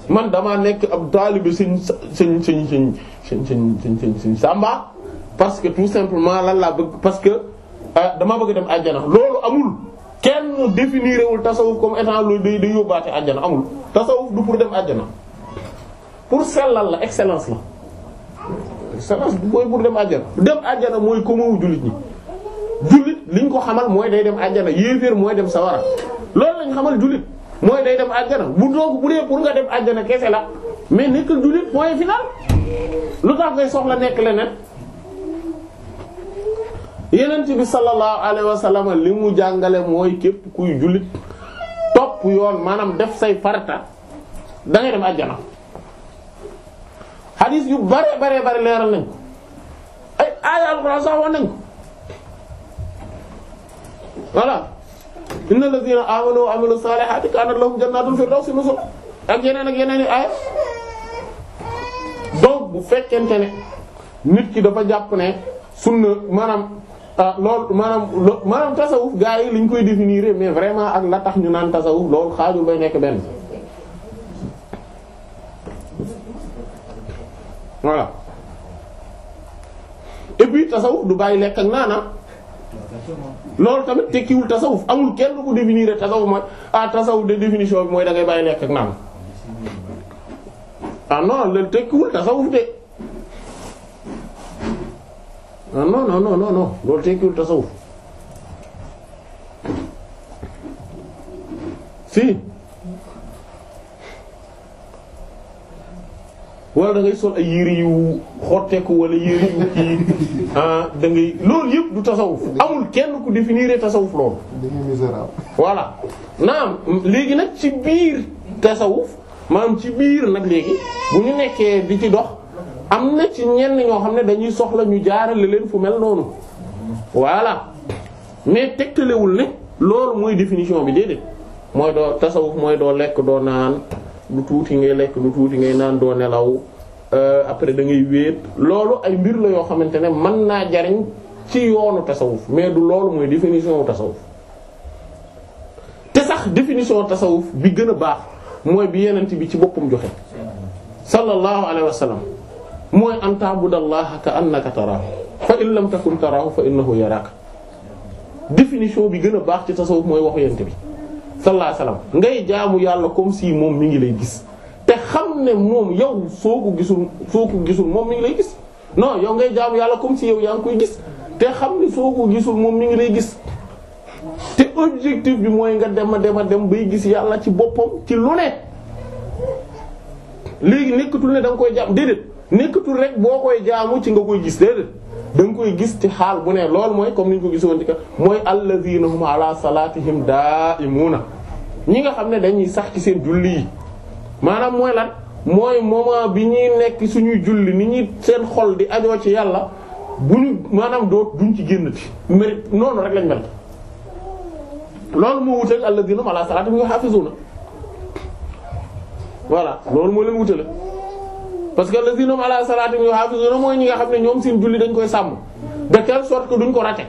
man damaa nekk ab taalibe sëñ sëñ sëñ sëñ sëñ parce que tout simplement lan laa bëgg que ah damaa bëgg dem àjjana loolu amul kenn définirewul tasawuf comme étant lu day day yóbbaate àjjana amul tasawuf du pour dem àjjana pour sellal la excellence la excellence du pour dem àjjana dem àjjana mooy commewu jullit ñi jullit liñ ko xamal mooy day dem àjjana yéeféer mooy dem sawara loolu lañ xamal jullit mooy day dem àjjana bu doog bu dee pour nga dem àjjana kese la mais nekkal jullit point final lu tax ngay soxla nekk leneen yenent bi sallallahu alayhi wa li mu jàngale mooy képp kuy jullit topp yoon maanaam def say farata da dem àjjana xadiis yu bare bare bare leeral nañ ko ay aaya alxuraan sax woon nañ ko voilà innal ladina amanu wa amilu salihati kanat ak yeneen ak yeneen i aaya donc bu fekkente ne nit ki dafa jàpp ne sunna maanaam ah loolu maanaam maanaam tasawuf gars yi liñ koy définir mais vraiment ak la tax ñu naan tasawuf loolu xaajul bay nekk benn. voilà et puis tasawuf du bàyyi lekk ak naana ah. loolu tamit tekkiwul tasawuf amul kenn ku définir tasawuf mooy ah tasawuf de définition bi mooy dangay ngay bàyyi lekk ak naan ah non loolu tekkiwul tasawuf de. non ah, non non non non loolu tekkiwul tasawuf si wala da sol ay yére yu xotteeku wala yére yu kii ah loolu yëpp du tasawuf amul kenn ku définir tasawuf loolu. dañuy misérable. voilà naam léegi nag ci biir tasawuf maanaam ci biir nag léegi bu ñu nekkee di ci dox. am na ci ñenn ñoo xam ne dañuy soxla ñu jaarale leen fu mel noonu voilà mais tegtalewul ne loolu mooy définition bi déedéet mooy doo tasawuf mooy doo lekk doo naan lu tuuti ngay lekk lu tuuti ngay naan doo nelaw euh, après da ngay wéet loolu ay mbir la yoo xamante ne man naa jariñ ci yoonu tasawuf mais du loolu mooy définition wu tasawuf te sax définition tasawuf bi gën a baax mooy bi yenent bi ci boppam joxe sallallahu alayhi wa mooy an ta'budallaha ka annaka taraahu fa in lam takun taraahu fa innahu yaraaka définition bi gën a baax ci tasawuf mooy waxu yent bi sallallahu alayhi ngay jaamu yàlla comme si moom mi ngi lay gis te xam ne moom yow soo ko gisul soo gisul moom mi ngi yow ngay jaamu yàlla comme si yow yaa ngi koy gis te xam ne soo ko gisul moom mi ngi lay gis te objectif bi mooy nga dem a dem dem bay gis yàlla ci boppam ci lu ne léegi nekkatul ne da koy jaam déedéet nekkatul rek boo koy jaamu ci nga koy gis déedéet da koy gis ci xaal bu ne lool mooy comme ni ñu ko gisoon ci ka mooy alladhina hum ala salatihim da'imuna ñi nga xam ne dañuy sax ci seen julli yi maanaam mooy lan mooy moment bi ñuy nekk suñuy julli ni ñuy seen xol di ajoo ci yàlla bu ñu maanaam doo duñ ci génn ci noonu rek lañ mel loolu moo wuteeg alladhina hum ala salatihim yuhafizuna loolu moo leen wutale parce que lazina ala salaatihim yuhaafizuna mooy ñi nga xam ne ñoom seen julli dañ koy sàmm de telle ko raté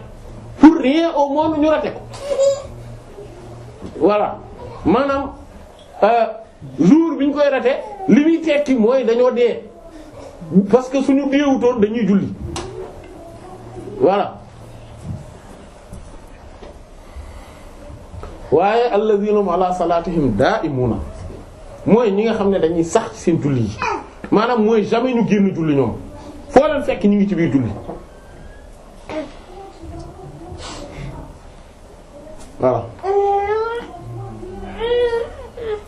au monde ñu raté ko voilà maanaam euh, jour bi koy raté li muy tekki mooy dañoo dee parce que suñu deewutoon dañuy julli voilà waaye allazina ala salaatihim daa'imuuna mooy ñi nga xam ne dañuy sax ci seen julli yi. maanaam mooy jamais ñu génn julli ñoom foo leen fekk ñu ngi ci biir julli waaw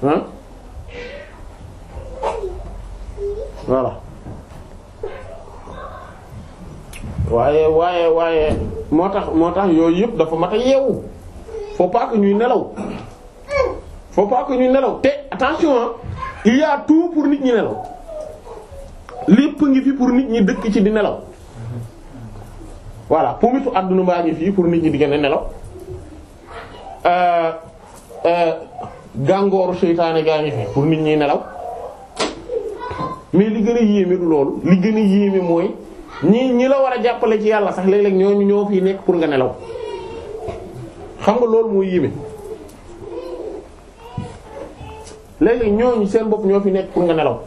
ah voilà waaye waaye waaye moo tax moo tax yooyu yëpp dafa mat a yeewu faut pas ñuy nelaw faut pas ñuy nelaw te attention il y a tout pour nit ñi nelaw lépp ngi fi pour nit ñi dëkk ci di nelaw voilà pungitu àdduna baa ngi fii pour nit ñi di gën a nelaw euh, euh, gàngooru seytaane gaa ngi fi pour nit ñi nelaw mais li gën a yéeme du loolu li gën a yéeme mooy ñi ñi la war a jàppale ci yàlla sax léeg ñoo ñooñu ñoo fi nekk pour nga nelaw xam nga loolu moo yéeme léeg-léeg ñooñu seen bopp ñoo fi nekk pour nga nelaw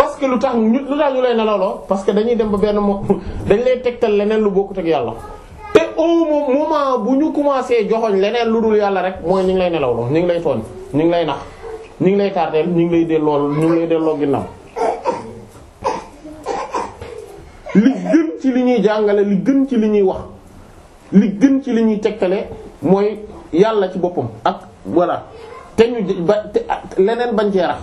parce que lu tax ñu lu tax ñu lay nelawloo parce que dañuy dem ba benn mo dañ lay tegtal leneen lu bokkut ak yàlla te au moment bu ñu commencé joxoñ leneen lu dul yàlla rek mooy ñu ngi lay nelawloo ñu ngi lay tooñ ñu ngi lay nax ñu ngi lay tardeel ñu ngi lay delloo ñu ngi lay delloo ginnaaw li gën ci li ñuy jàngale li gën ci li ñuy wax li gën ci li ñuy tegtale mooy yàlla ci boppam ak voilà te ñu ba leneen bañ cee rax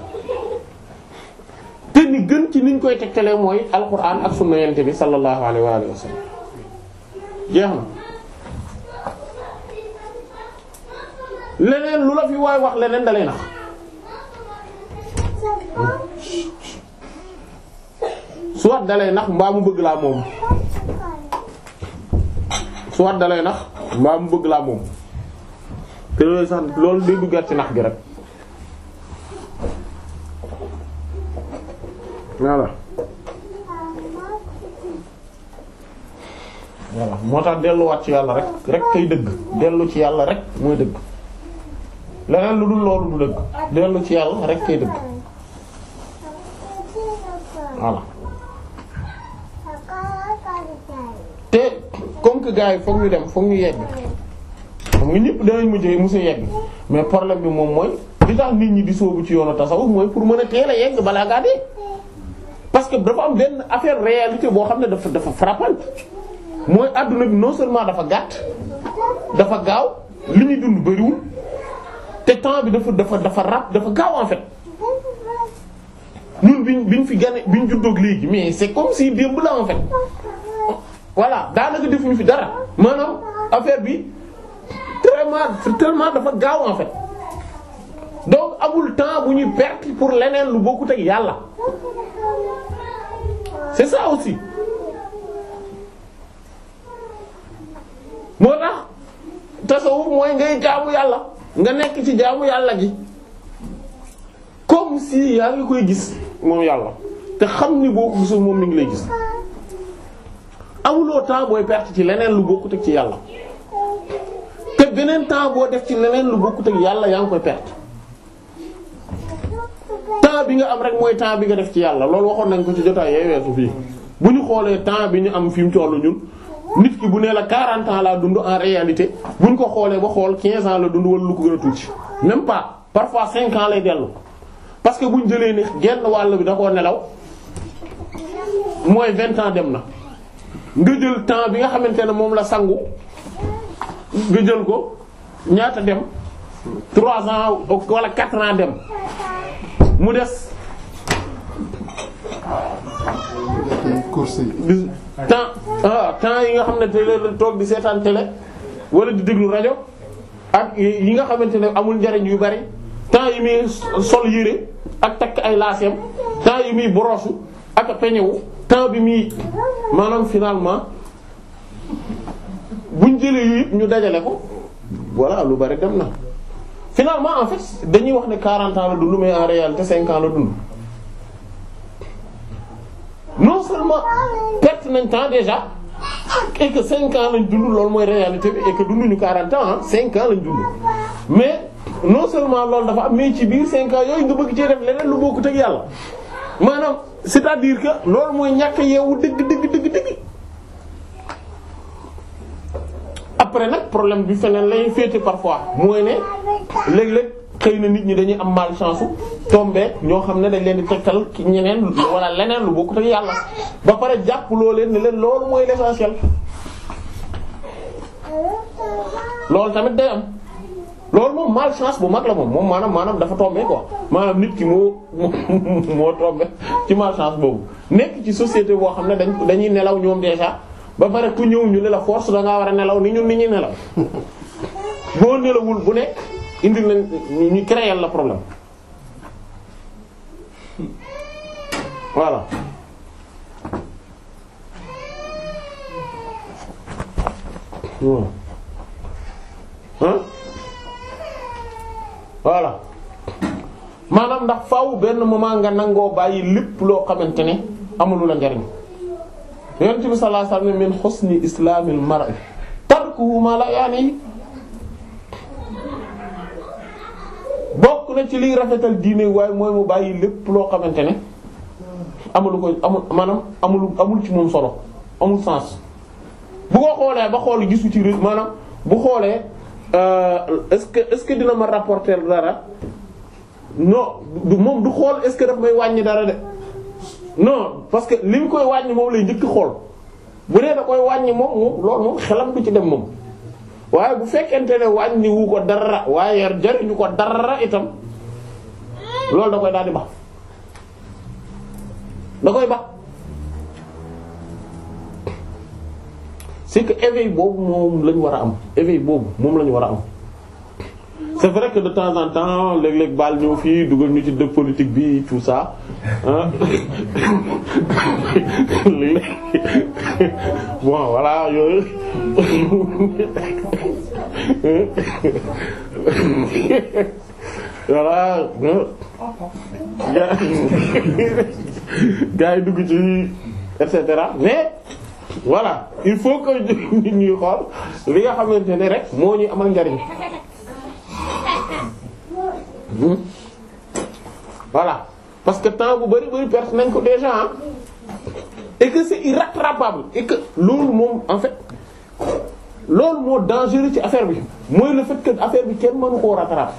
te ni gën ci niñ koy tegtalee mooy alquran ak sunna bi sallallahu alayhi wa alihi leneen lu la fi wax leneen da lay nax nax mbaa mu bëgg laa moom soit da lay nax mbaa mu bëgg laa moom loolu sax loolu day ci nax gi rek voilà moo tax delluwaat ci yàlla rek rek kay dëgg dellu ci yàlla rek mooy dëgg leneen lu dul loolu du dëgg dellu ci yàlla rek kay dëgg voilà te comme que yi foog ñu dem foog ñu yegg xam nga ñëpp danañ mujjee musa yegg mais problème bi moom mooy li tax nit ñi di sóobu ci yoonu tasawuf mooy pour mën a teel a yegg balaa ngaa dee parce que dafa am benn affaire réalité boo xam ne dafa dafa frappante mooy àdduna bi non seulement dafa gàtt dafa gaaw li ñuy dund bariwul te temps bi dafa dafa dafa rap dafa gaaw en fait ñun bi biñ fi gane biñ juddoog léegi mais c'est comme si démb la en fait voilà daanaka defuñu fi dara maanaam affaire bi tellement tellement dafa gaaw en fait. donc amul temps bu ñuy perte pour leneen lu bokkut ak yàlla c'est ça aussi moo tax tasawuf mooy ngay jaamu yàlla nga nekk ci jaamu yàlla gi comme si yaa ngi koy gis moom yàlla te xam ni boo ko gisul moom mi ngi lay gis amuloo temps booy perte ci leneen lu bokkut ak ci yàlla te beneen temps boo def ci leneen lu bokkut ak yàlla yaa ngi koy perte. temps bi nga am rek mooy temps bi nga def ci yàlla loolu waxoon nañ ko ci jotaay yee weesu fii bu ñu xoolee temps bi ñu am fi mu tollu ñun nit ki bu nee la 40 ans laa dund en réalité bu ñu ko xoolee ba xool 15 ans la dund wala lu ko gën a tuuti même pas parfois 5 ans lay dellu parce que bu ñu jëlee ni genn wàll bi da koo nelaw mooy vingt ans dem na. nga jël temps bi nga xamante ne moom la sangu nga jël ko ñaata dem 3 ans wala 4 ans dem mu des. temps ah temps yi nga xam ne télé la toog di seetaan télé wala di déglu rajo ak yi nga xamante ne amul njariñ yu bari temps yi muy sol yére ak takk ay laaseem temps yi muy brosu ak a peñewu temps bi muy maanaam finalement buñ jëlee yu ñu dajale ko voilà lu bari dem na. finalement en fait dañuy wax ne 40 ans la dund mais en réalité 5 ans la dund non seulement perte nañ temps déjà et que 5 ans lañ dund loolu mooy réalité bi et que dunduñu 40 ans ah ans lañ dund mais non seulement loolu dafa am mais ci biir 5 ans yooyu nga bëgg cee def leneen lu bokkut ak yàlla maanaam c'est-à-dire que loolu mooy ñàkk yeewu dëgg dëgg dëgg dëgg. après nag problème bi feneen lañuy féete parfois mooy ne léeg-léeg xëy na nit ñi dañuy am malchance tombé ñoo xam ne dañ leen di tegtal ci ñeneen wala leneen lu bokkut ak yàlla ba pare jàpp loo leen ne leen loolu mooy l'essentiel loolu tamit day am loolu moom malchance bu mag la moom moom maanaam maanaam dafa tombé quoi maanaam nit ki moo moo tombé ci malchance boobu nekk ci société boo xam ne dañ dañuy nelaw ñoom déjà ba pare ku ñëw ñu ne la force dangaa war a nelaw ni ñun ni ñu nelaw boo nelawul bu nekk indi nañ ñu créel la problème voilà. ah maanaam ndax faaw benn moment nga nangoo bàyyi lépp loo xamante ne amulu la njariñ yonent bi sallallahu alayhi wa sallam min husni islaamil mar'i tarkuhu maa laa ya'nihi bokk na ci liy rafetal diine waaye mooy mu bàyyi lépp loo xamante ne amul ko amul maanaam amul amul ci moom solo amul sens bu ko xoolee ba xool gisu ci maanaam bu xoolee euh, est-ce que est-ce que dina ma rapporter dara non du moom du xool est-ce que daf may wàññi dara de. non parce que li koy wàññi moom lay njëkk xool bu dee da koy wàññi moom moom loolu moom xelam du ci dem moom waaye bu fekkente ne wàññi ko dara waaye jariñu ko dara itam loolu da koy daal di bax da koy bax c'est boobu moom lañ war a am éveil boobu moom lañ war a am c'est vrai que de en temps léeg-léeg baal ñëw fii dugal ñu ci de politique bi tout ça léegi bon voilà yooyu voilà gars yi dugg ci et cetera mais voilà il faut que nit ñuy xool li nga xamante ne rek moo ñuy amal njariñ hmm? voilà. parce que temps bu bari bari perte nañ ko déjà ah et que c'est irrattrapable et que loolu moom en fait loolu moo dangereux ci affaire bi mooy le fait que affaire bi kenn mënu koo rattraper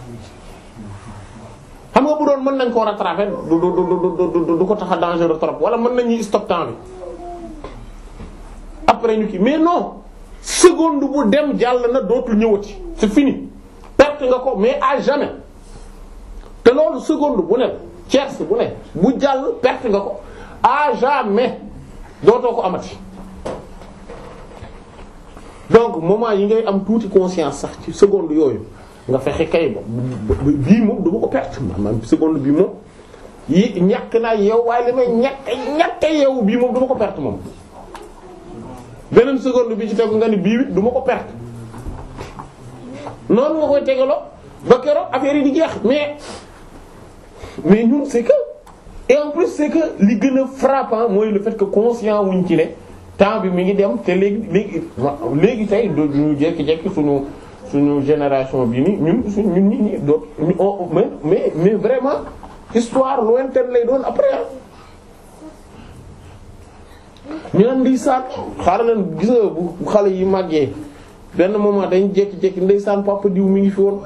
xam nga bu doon mën nañ koo rattraper du du du du du ko tax a dangereux trop wala mën nañuy stop temps bi après ñu kii mais non seconde bu dem jàll na dootul ñëwati c'est fini perte nga ko mais à jamais te loolu seconde bu ne. tierce bu ne bu jàll perte nga ko à jamais dootoo ko amati donc moment yi ngay am tuuti conscience sax ci seconde yooyu nga fexe kay ba bii moom du ma ko perte maanaam seconde bii moom yow waaye bii moom du ko perte moom beneen seconde bi ci tegu nga ni bii du ko perte noonu nga koy tegaloo ba keroog affaire yi di jeex mais. mais ñun c'est que et en plus c'est que li gën a frappant mooy le fait que conscient wuñ ci ne temps bi mi ngi dem te léegi léegi léegi tey du ñu jékki-jékki suñu suñu génération bi ni ñun suñ ñun nit ñi doot mais mais mais vraiment histoire lointaine lay doon après ñu naan ndeysaan xaaral leen gis nga bu xale yi màggee benn moment dañ jékki-jékki ndeysaan papa diw mi ngi fi woon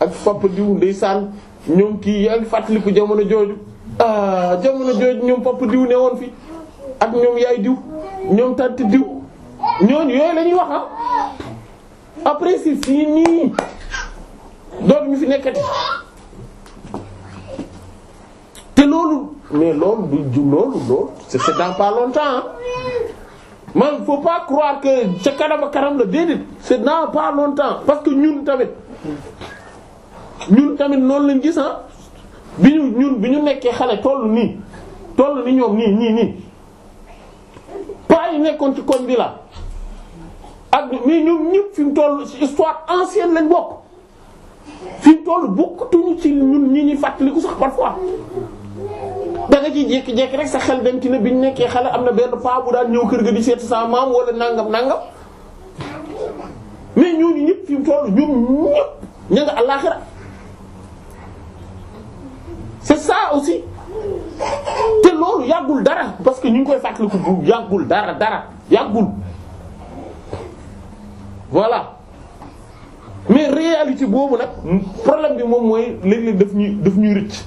ak papa diw ndeysaan ñoom kii yaa ngi fàttaliku jamono jooju ah jamono jooju ñoom papa diw ne woon fi ak ñoom yaay diw ñoom tant diw ñooñu yooyu la ñuy wax ah. après si fii nii doot ñu fi nekkati te loolu mais loolu du loolu loolu c'est c'est dans pas longtemps ah. man faut pas croire que ca kanam a kanam la déedéet c'est dans longtemps parce que ñun tamit ñun tamit noonu lañ gis ah bi ñu ñun bi ñu nekkee xale toll nii toll ni ñoom nii nii nii paa yi nekkoon ci koñ bi la ak mais ñoom ñëpp fi mu toll ci histoire ancienne lañ bokk fi mu toll bokkatuñu ci ñun ñi ñuy fàttaliku sax parfois da nga ciy jékki-jékki rek sa xel dem ci ne bi ñu nekkee xale am na benn paa bu daan ñëw kër ga di seet sa maam wala nangam nangam mais ñooñu ñëpp fi mu toll ñoom ñëpp ña nga àllaaxira c'est ça aussi te loolu yàggul dara parce que ñu ngi koy fàttaliku bu yàggul dara dara yàggul voilà mais réalité boobu nag problème bi moom mooy léeg-léeg daf ñuy daf ñuy rëcc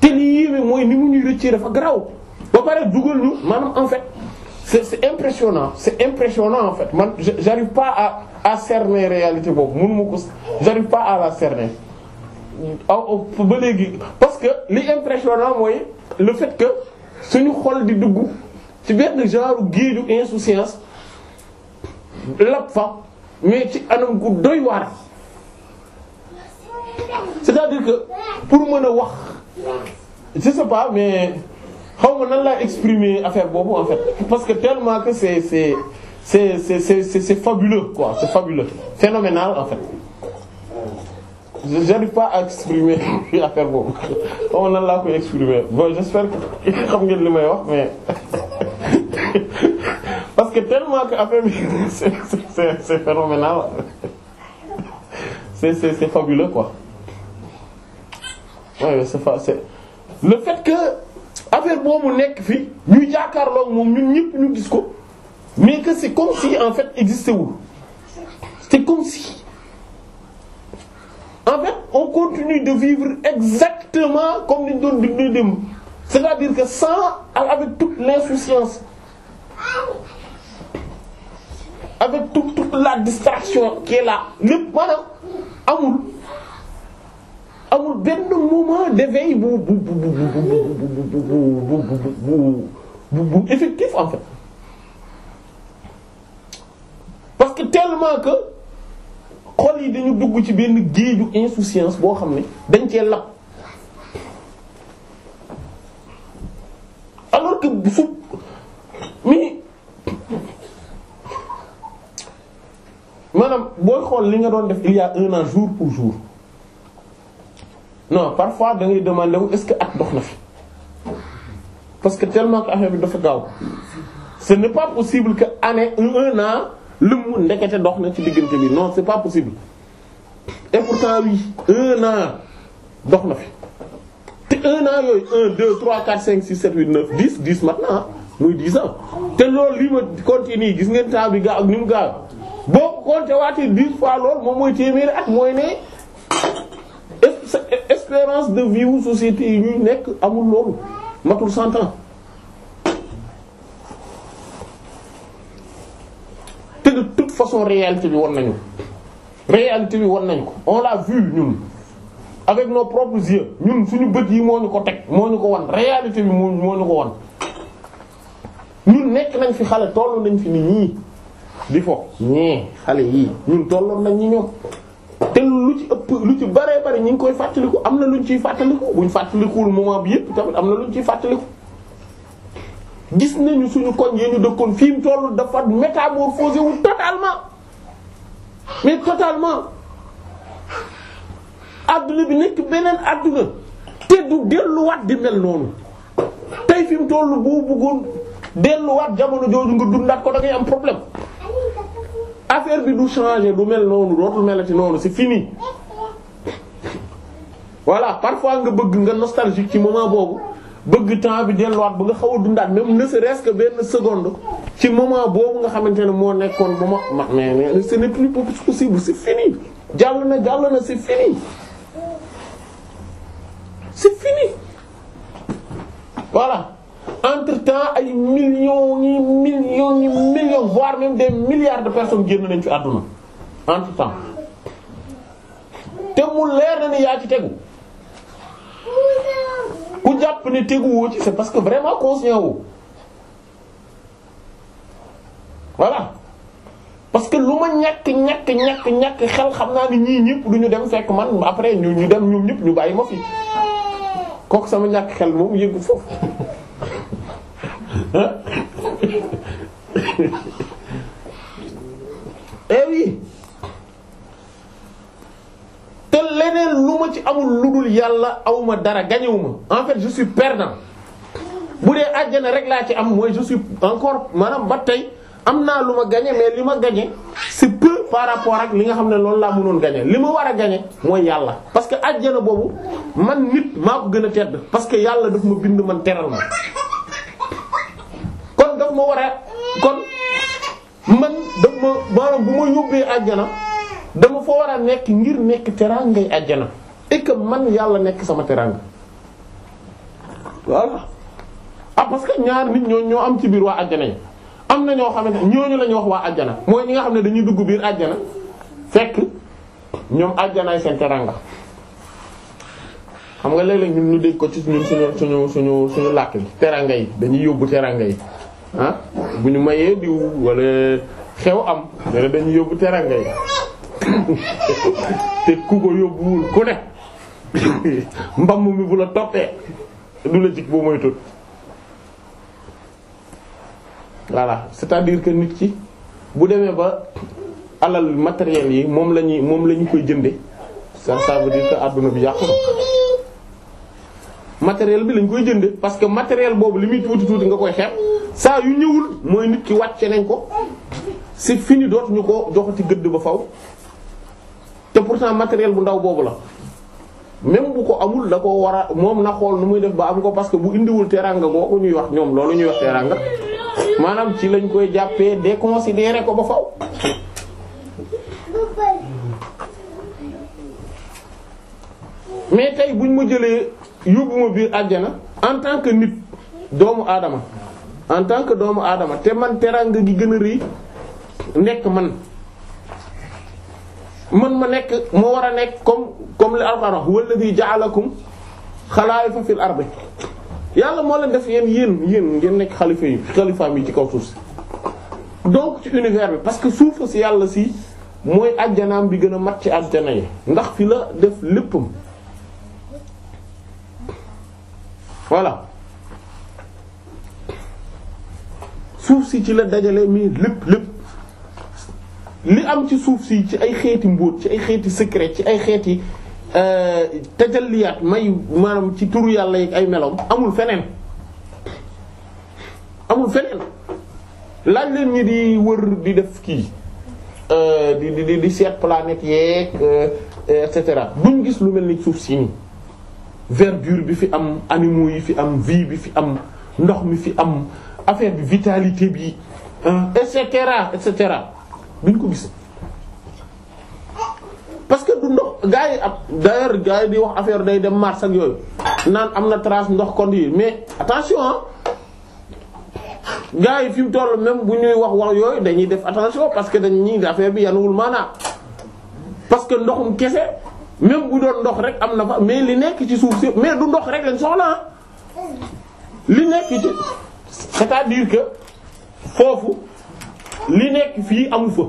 te li yéeme mooy ni mu ñuy rëccee dafa garaaw ba pare dugal ñu maanaam en fait c'est c'est impressionnant c'est impressionnant en fait man j'arrive pas à à cerner réalité boobu mënu ma ko j'arrive pas à la cerner aw ba léegi parce que li impressionnant mooy le fait que suñu xol di dugg ci benn genre géeju insouciance lab fa mais ci anam gu doy waar c'est-à-dire que pour mën a wax je sais pas mais xaw ma nan laa exprimer affaire boobu en fait parce que tellement que c'est c'est c'est c'est c'est c'est fabuleux quoi c'est fabuleux phénoménal en fait je j'arrive pas à exprimer affaire boobu xaw ma nan laa koy exprimer bon j'espère que xam ngeen li may wax mais parce que tellement que affaire bi c'est c'est c'est phénoménal c'est c'est c'est fabuleux quoi ouais c'est fa c'est le fait que affaire boobu nekk fi ñu jàkkaarloog moom ñun ñëpp ñu gis ko mais que c'est comme en fait existé wul c'est comme en fait on continue de vivre exactement comme ni ñu doon dundee démb c'est-à-dire que sans avec toute l'insouciance avec toute toute la distraction qui est là lépp maanaam amul amul benn moment d'éveil bu bu bu bu bu bu bu effectif en fait parce que tellement que. xol yi dañu dugg ci biir benn géeju insouciance boo xam ne dañ cee lab alors que bu mi maanaam booy xool li nga doon def il y a un an jour pour jour non parfois da ngay demander est-ce que ak dox na fi parce que tellement que affaire bi dafa gaaw ce n'est pas possible que année un an lu mu ndekete dox na ci diggante bi non c'est pas possible et pourtant oui un an dox na fi te un an yooyu un deux trois quatre cinq six sept huit neuf dix dix maintenant ah, muy dix ans te lool li ma continue gis ngeen temps bi gaaw ak ni mu gaaw boo compter waatee dix fois loolu moom mooy téeméeri at mooy ne espérance de vie société yi ñuy nekk amul loolu matul cent ans. te de toute façon réalité bi won nañu réalité bi won nañu ko on l'a vu ñun avec nos propres yeux ñun suñu bët yi moo ñu ko teg moo ñu ko won réalité bi moo moo ñu ko won ñun nekk nañ fi xale tollu nañ fi ni ñii di fo ñee xale yii ñun tolloon nañ ñi ñoom te lu ci ëpp lu ci bare bare ñu ngi koy fàttaliku am na luñ ciy fàttaliku buñ fàttalikuwul moment bi yépp tamit am na luñ ciy fàttaliku gis nañu suñu koñ yi ñu dëkkoon fi mu toll dafa métamorphosé wu totalement mais totalement adduna bi nekk beneen adduna te du delluwaat di mel noonu tey fi mu toll boo bëggoon delluwaat jamono jooju nga dundaat ko da am problème affaire bi du changer du mel noonu dootul melati noonu si fini voilà parfois nga bëgg nga nostalgique ci moment boobu. bëgg temps bi delluwaat ba nga xaw a dundaat même ne serait-ce que benn seconde ci moment boobu nga xamante ne moo nekkoon ba ma mais mais ce n'est plus possible c'est fini jàll na jàll na c'est fini c'est fini voilà entre-temps ay millions yi millions yi millions voire même de personnes génn nañ ci àdduna entre-temps te mu leer na ni yaa ci tegu ku jàpp ne teguwoo ci c'est parce que vraiment conscient wu voilà parce que lu ma ñàkk ñàkk ñàkk ñàkk xel xam naa ni ñii ñëpp du ñu dem fekk man après ñu ñu dem ñoom ñëpp ñu bàyyi ma fi kooku sama ñàkk xel moom yëggu foofu eh oui te leneen lu ma ci amul lu yàlla awma dara gañewuma en fait je bu dee àjjana rek laa ci am mooy encore maanaam ba tey am naa lu ma gagné mais li ma gagné c'est par rapport ak li nga xam ne loolu laa mënoon gagné li ma war a gañe mooy yàlla parce que àjjana boobu man nit maa gën a tedd parce que yàlla daf ma bind man teral ma kon daf ma war a kon man daf ma maanaam bu ma yóbbee àjjana dama fa war a nekk ngir nekk teraangay àjjana et man yàlla nekk sama teraanga voilà ah que ñaar nit ñoo ñoo am ci biir waa àjjana yi am na ñoo xamante ñooñu la ñu wax waa àjjana mooy ñi nga xam ne dañuy dugg biir àjjana fekk ñoom àjjanaay seen teraanga xam nga léeg-léeg ñun ñu dégg ko ci ñun suñu suñu suñu suñu làkk bi teraanga yi dañuy yóbbu teraanga yi ah, bu ñu mayee diw wala xew am dara dañuy yóbbu teraanga yi te ku ko yóbbuwul ku ne mbamm mi bu la toppee du la jik boo moytul voilà c'est-à-dire que nit ki bu demee ba alal matériel yi moom la ñuy moom la koy jënde ça ça veut dire que àdduna bi yàqu na matériel bi lañ koy jënde parce que matériel boobu li muy tuuti tuuti nga koy xeeb saa yu ñëwul mooy nit ki wàcce nañ ko c'est fini dootuñu ko joxati gëdd ba faw te pourtant matériel bu ndaw boobu la même bu ko amul da ko war a moom na xool nu muy def ba am ko parce que bu indiwul teraanga boo ñuy wax ñoom loolu ñuy wax teraanga maanaam ci lañ koy jàppee de déconsidéré ko ba faw mais tey buñ ma jëlee yóbbu biir biir na en tant que nit doomu aadama en tant que doomu aadama te man teraanga gi gën a rëy nekk man man ma nekk moo war a nekk comme comme li Alxuraan wax huwa alladhi ja'alakum xalaa'ifa fil yàlla moo leen def yéen yéen yéen ngeen nekk xalifa yi xalifaam yi ci kaw suuf si donc ci univers bi parce que suufa si yàlla si mooy ajjanaam bi gën a mat ci ajjana yi ndax fi la def léppam voilà suuf si ci la dajale mi lépp lépp li am ci suuf si ci ay xeeti mbóot ci ay xeeti secret ci ay xeeti euh, tajalliyaat may maanaam ci turu yàlla yi ay meloom amul feneen amul feneen laaj leen ñi di wër di def kii euh, di di di seet planète yeeg euh, et cetera duñ gis lu mel ni suuf si nii verdure bi fi am animaux yi fi am vie bi fi am ndox mi fi am affaire bi vitalité bi et cetera et cetera. duñ ko gis parce que du ndox gars yi ab d'ailleurs gars yi di wax affaire day dem mars ak yooyu naan am na trace ndox kon yi mais attention ah yi fi mu toll même bu ñuy wax wax yooyu dañuy def attention parce que dañ ñii affaire bi yanuwul maanaa parce que ndoxum kese même bu doon ndox rek am na fa mais li nekk ci suuf si mais du ndox rek lañ soxla li nekk ci c'est-à-dire foofu. li nekk fii amu fa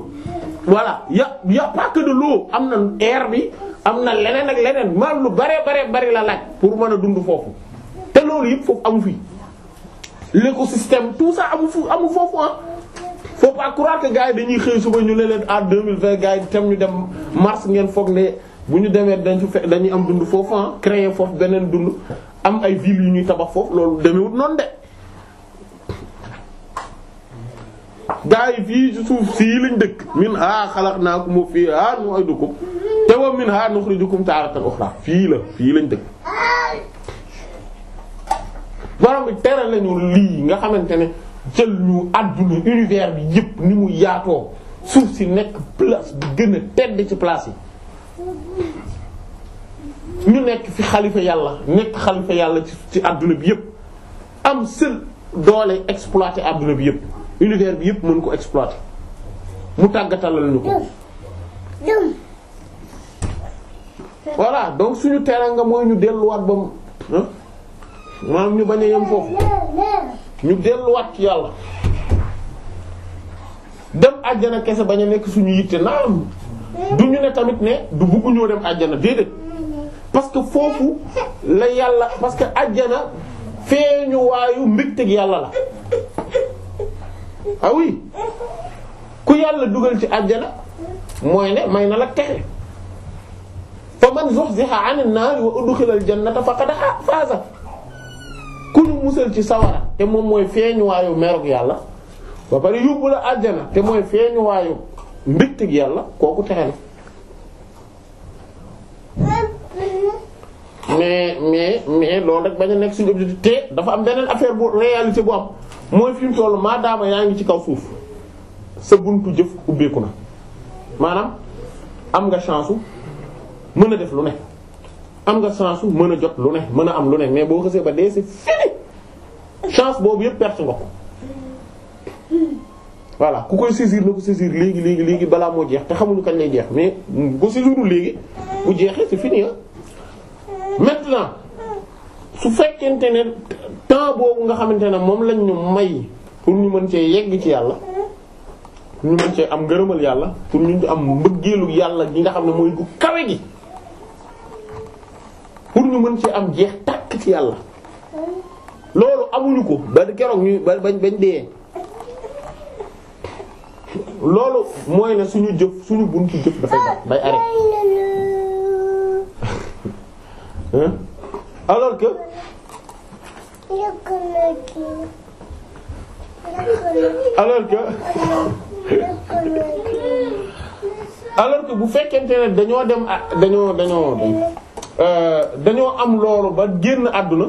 voilà ya ya pas que de am na air bi am na leneen ak leneen maanaam lu bare bare bari la laaj pour mën a dund foofu te loolu yëpp foofu amu fi l'écosystème tout ça amu fu amu foofu ah faut pas croire que gars yi dañuy xëy suba ñu ne leen ah, en 2020 gars yi tam ñu dem mars ngeen foog ne bu ñu demee dañ fe dañuy am dund foofu ah créer foofu beneen dund am ay villes yu ñuy tabax foofu loolu demewut noonu de gaa yi fii ci suuf sii lañ dëkk minhaa xalaqnaakum wa fiihaa nu'iidukum te wa minhaa nuxrijukum taaratan uxraa fii la fii lañ dëkk borom bi tere lañu lii nga xamante ne jël ñu àdduna univers bi yëpp ni mu yaatoo suuf si nekk place bi gën a tedd ci place yi ñu nekk fi xalifa yàlla nekk xalifa yàlla ci ci àdduna bi yëpp am sël doole exploiter àdduna bi yëpp univers bi yëpp mën ko exploiter mu tàggatalal ñu ko. voilà donc suñu teraanga mooy ñu delluwaat ba mu maanaam ñu bañ a yem foofu ñu delluwaat ci yàlla dem àjjana kese bañ a nekk suñu yitte naam du ñu ne tamit ne du bëggu dem àjjana déedéet parce que foofu la yàlla parce que àjjana feeñu waayu mbégteeg yàlla la. ah ku yàlla dugal ci àjjana mooy ne may na la texe fa man zuhziha 'anil naari wa udkhila al jannata faqad faaza ku ñu musal ci sawara te moom mooy feeñuwaayu merog yàlla ba pare yóbbu la àjjana te mooy feeñuwaayu mbégteg yàlla kooku texe na mais mais mais loolu rek bañ a nekk suñu objectif te dafa am beneen affaire bu réalité bu am mooy fi mu toll maadaama yaa ngi ci kaw suuf sa buntu jëf ubbeeku na maanaam am nga chance mën a def lu ne am nga chance mën a jot lu ne mën a am lu ne mais boo xasee ba dee c'est fini chance boobu yëpp perte nga ko voilà ku koy saisir na ko saisir léegi léegi léegi balaa moo jeex te xamuñu kañ lay jeex mais bu saisirul léegi bu jeexee c'est fini maintenant su fekkente ne temps boobu nga xamante ne moom lañ ñu may pour ñu mën cee yegg ci yàlla pour ñu mën cee am ngërëmal yàlla pour ñu am mbëggeelu yàlla gi nga xam ne mooy bu kawe gi pour ñu mën cee am jeex tàkk ci yàlla loolu amuñu ko ba keroog ñu ba bañ bañ dee loolu mooy na suñu jëf suñu buntu jëf dafay ba day arrêté hein alors que. alors bu fekkente ne dañoo dem a dañoo dañoo euh, dañoo am loolu ba génn àdduna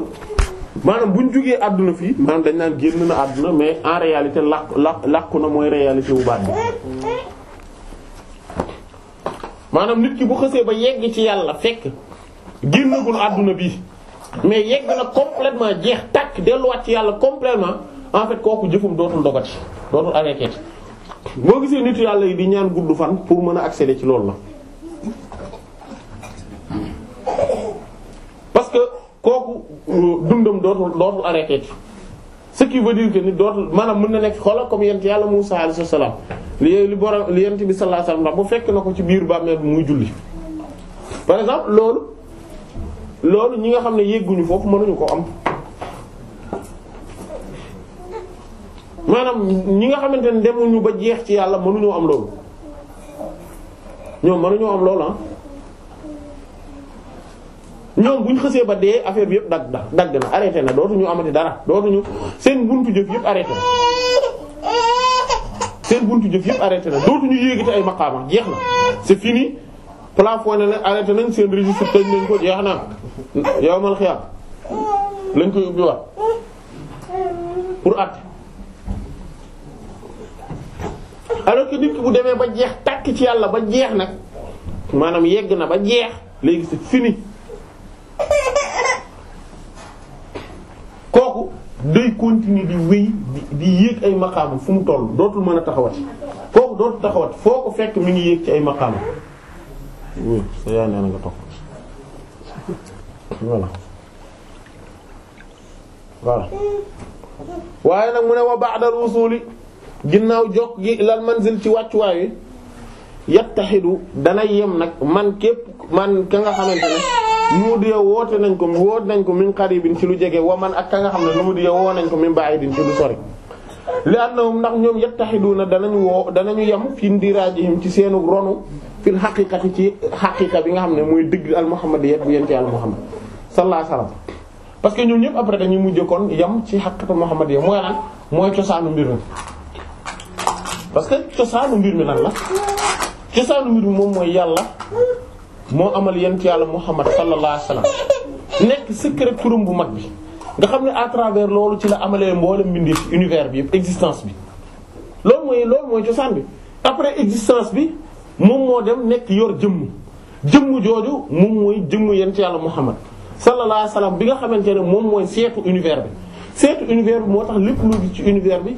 maanaam buñ jógee àdduna fii maanaam dañ naan génn na àdduna mais en réalité làkk làkk làkku na mooy réalité baat bi maanaam nit ki bu xësee ba yegg ci yàlla fekk génnagul àdduna bi mais yegg na complètement jeex tàkk delluwaat ci yàlla complètement en fait kooku jëfum dootul dogati dootul arrêté boo gisee nitu yàlla yi di ñaan gudd fan pour mën a accéder ci loolu la. parce que kooku euh, dundam dootul dootul arrêté ce qui veut dire dootul maanaam mën na nekk xoolal comme yent yàlla Musaa alayhi salaam li li borom li yent bi sallallahu alayhi wasallam bu fekk na ko ci biir bi muy julli par exemple loolu. loolu ñi nga xam ne yegguñu foofu mënuñu ko am maanaam ñi nga xamante ne demuñu ba jeex ci yàlla mënuñoo am loolu ñoom mënuñoo am loolu ah ñoom buñ xësee ba dee affaire bi yëpp dagg na dagg na arrêté na dootuñu amati dara dootuñu seen buntu jëf yëpp arrêté na seen buntu jëf yëpp arrêté na dootuñu yéegati ay maqaama jeex na c'est fini plafonné na arrêté nañ seen registre tëj nañ ko jeex na yawmal xiyaam lañ koy ubbi pour at alors que nit ki bu demee ba jeex tàkk ci yàlla ba jeex nag maanaam yegg na ba jeex léegi c'est fini kooku day continuer di wéy di di yéeg ay maqaama fu mu toll dootul mën a taxawati kooku dootul taxawati foo ko fekk mi ngi yéeg ci ay maqaama. oui sa yaay nee na nga toog. voilà voilà waaye nag mu ne wa ba'dal wusuli ginnaaw jox gi lal manzil ci wàccuwaay wi yattaxidu dana yem nag man képp man ka nga xamante ne nu mu di woote nañ ko woote nañ ko min qaribin ci lu jege wa man ak ka nga xam ne nu mu di woo nañ ko min ba'idin ci lu sori li annahum ndax ñoom dana danañ woo danañu yem fii fi yi ci seenu ronu fil xaqiqati ci xaqiqa bi nga xam ne mooy dëgg al muhammadiyya bu yenti al muhammad sallallahu alayhi wasallam parce que ñoom ñëpp après dañuy mujj kon yam ci xaqiiqatu muhammadiyya mooy lan mooy cosaanu mbir mi parce que cosaanu mbir mi lan la cosaanu mbir mi moom mooy yàlla moo amal ci yàlla muhammad sallallahu alayhi wasallam nekk secret turam bu mag bi nga xam ne à travers loolu ci la amalee mboolem mbindeef univers bi yëpp existence bi loolu mooy loolu mooy cosaan bi après existence bi moom moo dem nekk yor jëmm jëmm jooju moom mooy jëmm yent yàlla muhammad sallallahu alayhi wa sallam bi nga xamante ne moom mooy seetu univers bi seetu univers bi moo tax lépp lu ci univers bi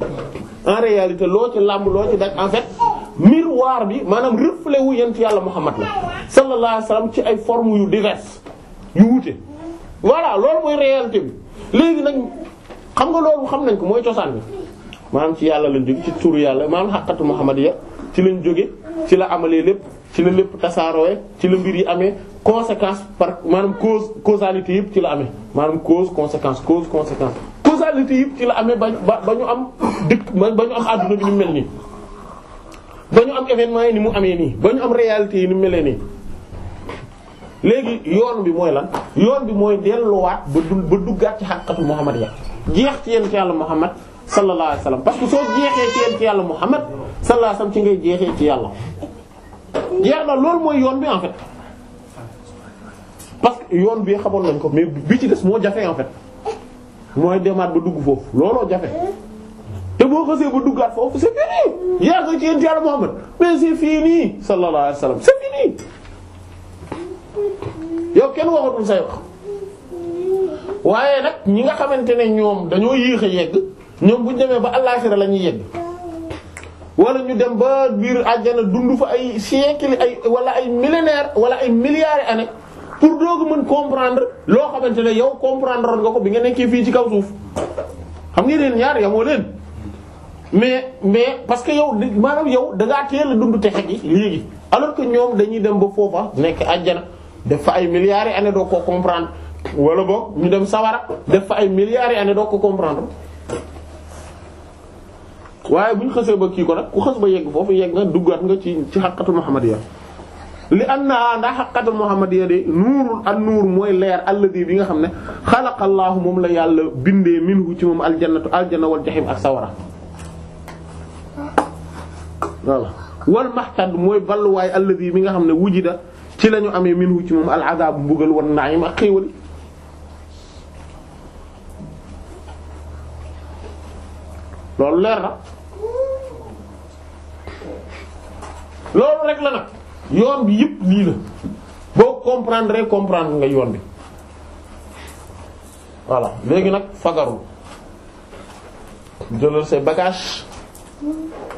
en réalité loo ci làmb loo ci daj en fait miroir bi maanaam reflet wu yent yàlla Muhammad la sallallahu alayhi ci ay forme yu diverses yu wuute voilà loolu mooy réalité bi léegi nag xam nga loolu xam nañ ko mooy cosaan bi maanaam ci yàlla lañ jóge ci turu yàlla maanaam xaqatu Muhammad ya ci lañ jóge ci la amalee lépp ci la lépp ci la mbir yi amee conséquence par maanaam cause causalité yëpp ci la amee maanaam cause conséquence cause conséquence causalité yëpp ci la amee ba ba ba ñu am dëkk ba ñu am adduna bi ni mu mel nii ba ñu am événement yi ni mu amee nii ba ñu am réalité yi ni mu melee nii léegi yoon bi mooy lan yoon bi mooy delluwaat ba du ba duggaat ci xàqatu Muhammad ya jeex ci yent yàlla Muhammad sallallahu alayhi wasallam parce que soo jeexee ci yent yàlla Muhammad sallallahu alayhi wasallam ci ngay jeexee ci yàlla na loolu mooy yoon bi en parce que yoon bi xamoon nañ ko mais bi ci des moo jafe en fait mooy demaat ba dugg foofu looloo jafe te boo xasee ba duggaat foofu c'est fini yaa ngi ci yéen Yàlla Muhammad mais c'est fini sallallahu alayhi yow kenn waxatul say waaye nag ñi nga xamante ne ñoom dañoo yéex a yegg ñoom bu ñu demee ba àllaxira la ñuy yegg wala ñu dem ba biir àjjana dund fa ay siècle ay wala ay millénaire wala ay milliards années pour doo ko mën comprendre loo xamante ne yow comprendre nga ko bi nga nekkee fii ci kaw suuf xam nga leen ñaar yamoo leen mais mais parce que yow maanaam yow da ngaa teel a dund texe gi léegi alors que ñoom dañuy dem ba foofa nekk àjjana def fa ay milliards yi année doo ko comprendre wala boog ñu dem sawara def fa ay milliards yi année doo ko comprendre waaye bu ñu xësee ba kii ko nag ku xës ba yegg foofu yegg nga duggaat nga ci ci xàqatu Muhammad li anna ndax xaqiiqatul muhammadiyya de nuurul an nuur mooy leer alladi bi nga xam ne xalaqallaahu moom la yàlla bindee minhu ci moom aljannatu aljanna wal jaxiim ak sawara voilà wal maxtad mooy balluwaay alladi bi nga xam ne wujida ci lañu ñu amee minhu ci moom al azaabu mbugal wan naayim ak xéewal loolu leer na loolu rek la nag yoon bi yëpp lii la boo comprendre comprendre nga yoon bi voilà léegi nag fagaru jëlal say bagage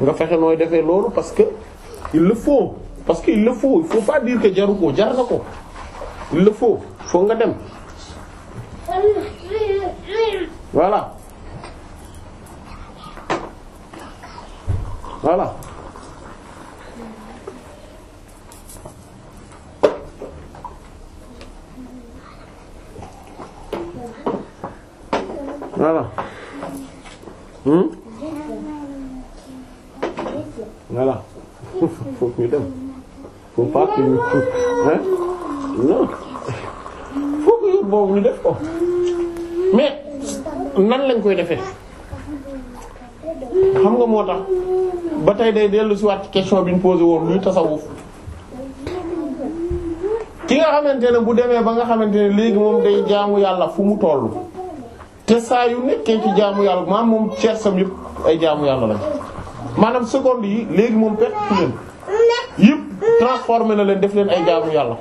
nga fexe nooy defee loolu parce que il le faut parce que il le faut foo faut pas dire jaru ko jar na ko il le faut foo nga dem voilà voilà voilà hum voilà ñu dem faut pas que ñu hein non faut que boobu ñu def ko mais nan lañ koy defee xam nga moo tax ba tey day dellu si waat question bi ñu posé woon luy tasawuf ki nga xamante ne bu demee ba nga xamante ne léegi moom day jaamu yàlla fu mu tollu te saa yu nekkee ci jaamu yàlla maanaam moom sam yëpp ay jaamu yàlla lañ maanaam seconde yi léegi moom perte ci leen yëpp transformé na leen def leen ay jaamu yàlla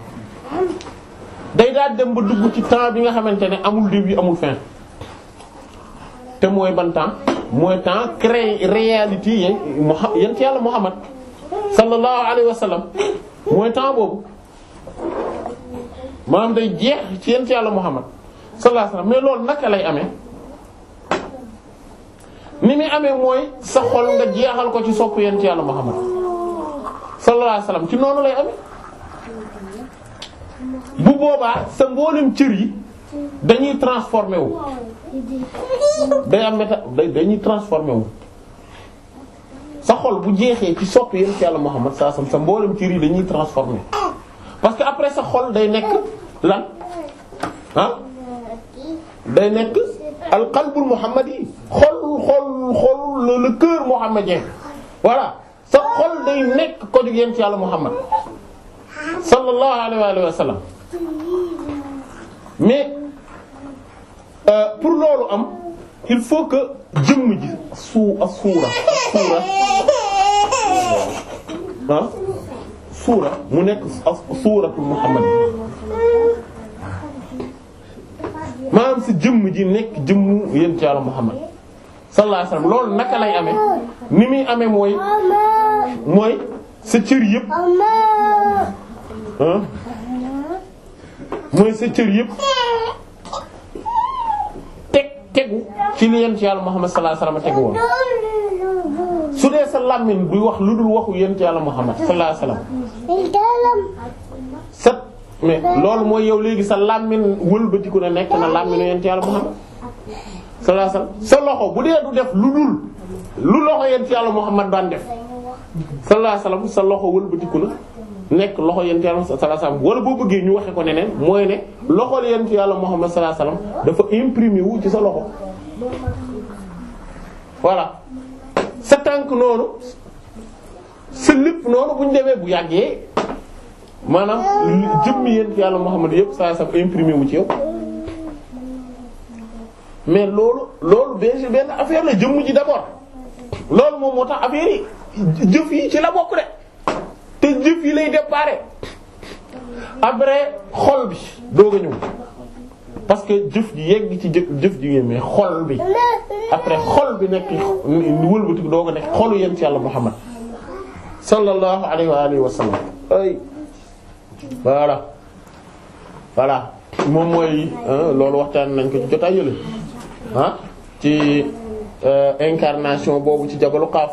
day daal dem ba dugg ci temps bi nga xamante ne amul début amul fin te mooy ban temps mooy temps créé réalité yi yent yàlla mu sallallahu alayhi wa sallam mooy temps boobu maanaam day jeex ci yent yàlla Muhammad sallallahu mais loolu naka lay ame ni muy amee mooy sa xol nga jeexal ko ci sopp yonent Yàlla Muhammad sallallahu alayhi wasallam ci noonu lay amee bu boobaa sa mboolem cër yi dañuy transformé wu day am méta dañuy transformé wu sa xol bu jeexee ci sopp yonent Yàlla Muhammad sallallahu sa mboolem cër yi dañuy transformé parce que après sa xol day nekk lan ah. day nekk al qalbul muhammadi xol xol xol le le cœur mohammédien voilà sa xol day nekk ko jugeen ci yàlla muhammad sallallahu alayhi wa sallam mais euh, pour loolu am il faut que jëmm ji suu a suura suura ah suura mu nekk a suuratul muhammad maanaam si jëmm ji nekk jëmmu yéen ci yàlla Muhammad sallallahu alayhi naka lay amee ni muy amee mooy mooy sa cër yëpp mooy sa cër yëpp teg tegu ci li ci yàlla Muhammad sallallahu alayhi wasallam tegu woon su dee sa làmmiñ buy wax lu dul waxu yéen ci yàlla Muhammad sallallahu mais loolu mooy yow léegi sa làmmiñ wëlbatiku na nekk na làmmiñu yent yàlla Muhammad sallallahu alayhi wasallam sa loxo bu dee du def lu dul lu loxo yent yàlla Muhammad daan def sallallahu alayhi wasallam sa loxo wëlbatiku na nekk loxo yent yàlla sallallahu alayhi wasallam wala boo bëggee ñu waxe ko neneen mooy ne loxol yent yàlla Muhammad sallallahu alayhi wasallam dafa imprimer wu ci sa loxo voilà sa tànk noonu sa lépp noonu bu ñu demee bu yàggee maanaam jëmm yent yàlla Muhammad yëpp saa saf imprimé wu ci yow mais loolu loolu benn benn affaire la jëmm ji d'abord loolu moom moo tax affaire yi jëf yi ci la bokk de te jëf yi lay déparé après xol bi doog a parce que jëf ji yegg ci jëf jëf ji mais xol bi après xol bi nekk wëlbati doog a nekk xolu yent yàlla Muhammad sallallahu alayhi wa alihi voilà voilà moom mooy loolu waxtaan nañ ko ci jotaay yële ah ci euh, incarnation boobu ci jabalu xaaf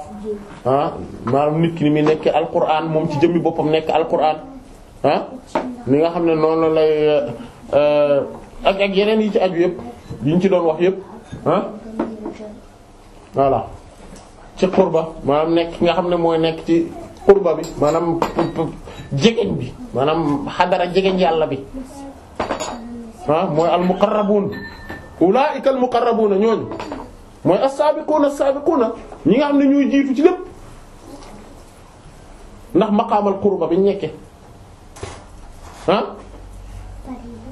ah maanaam nit ki ni muy nekkee alquran moom ci jëmmi boppam nekk alquran ah li nga xam ne noonu lay euh, ak ak yeneen yi ci aju yëpp yi ñu ci doon wax yëpp ah voilà ci xurba maanaam nekk nga xam ne mooy nekk ci xurba bi maanaam jegeñ bi maanaam xadara jegeñ yàlla bi ah mooy al muqarrabuun ulaa'ika al muqarrabuuna ñooñu mooy as-saabiquuna ñi nga xam ne ñuy jiitu ci lépp ndax maqaamal qurba bi ñu nekkee ah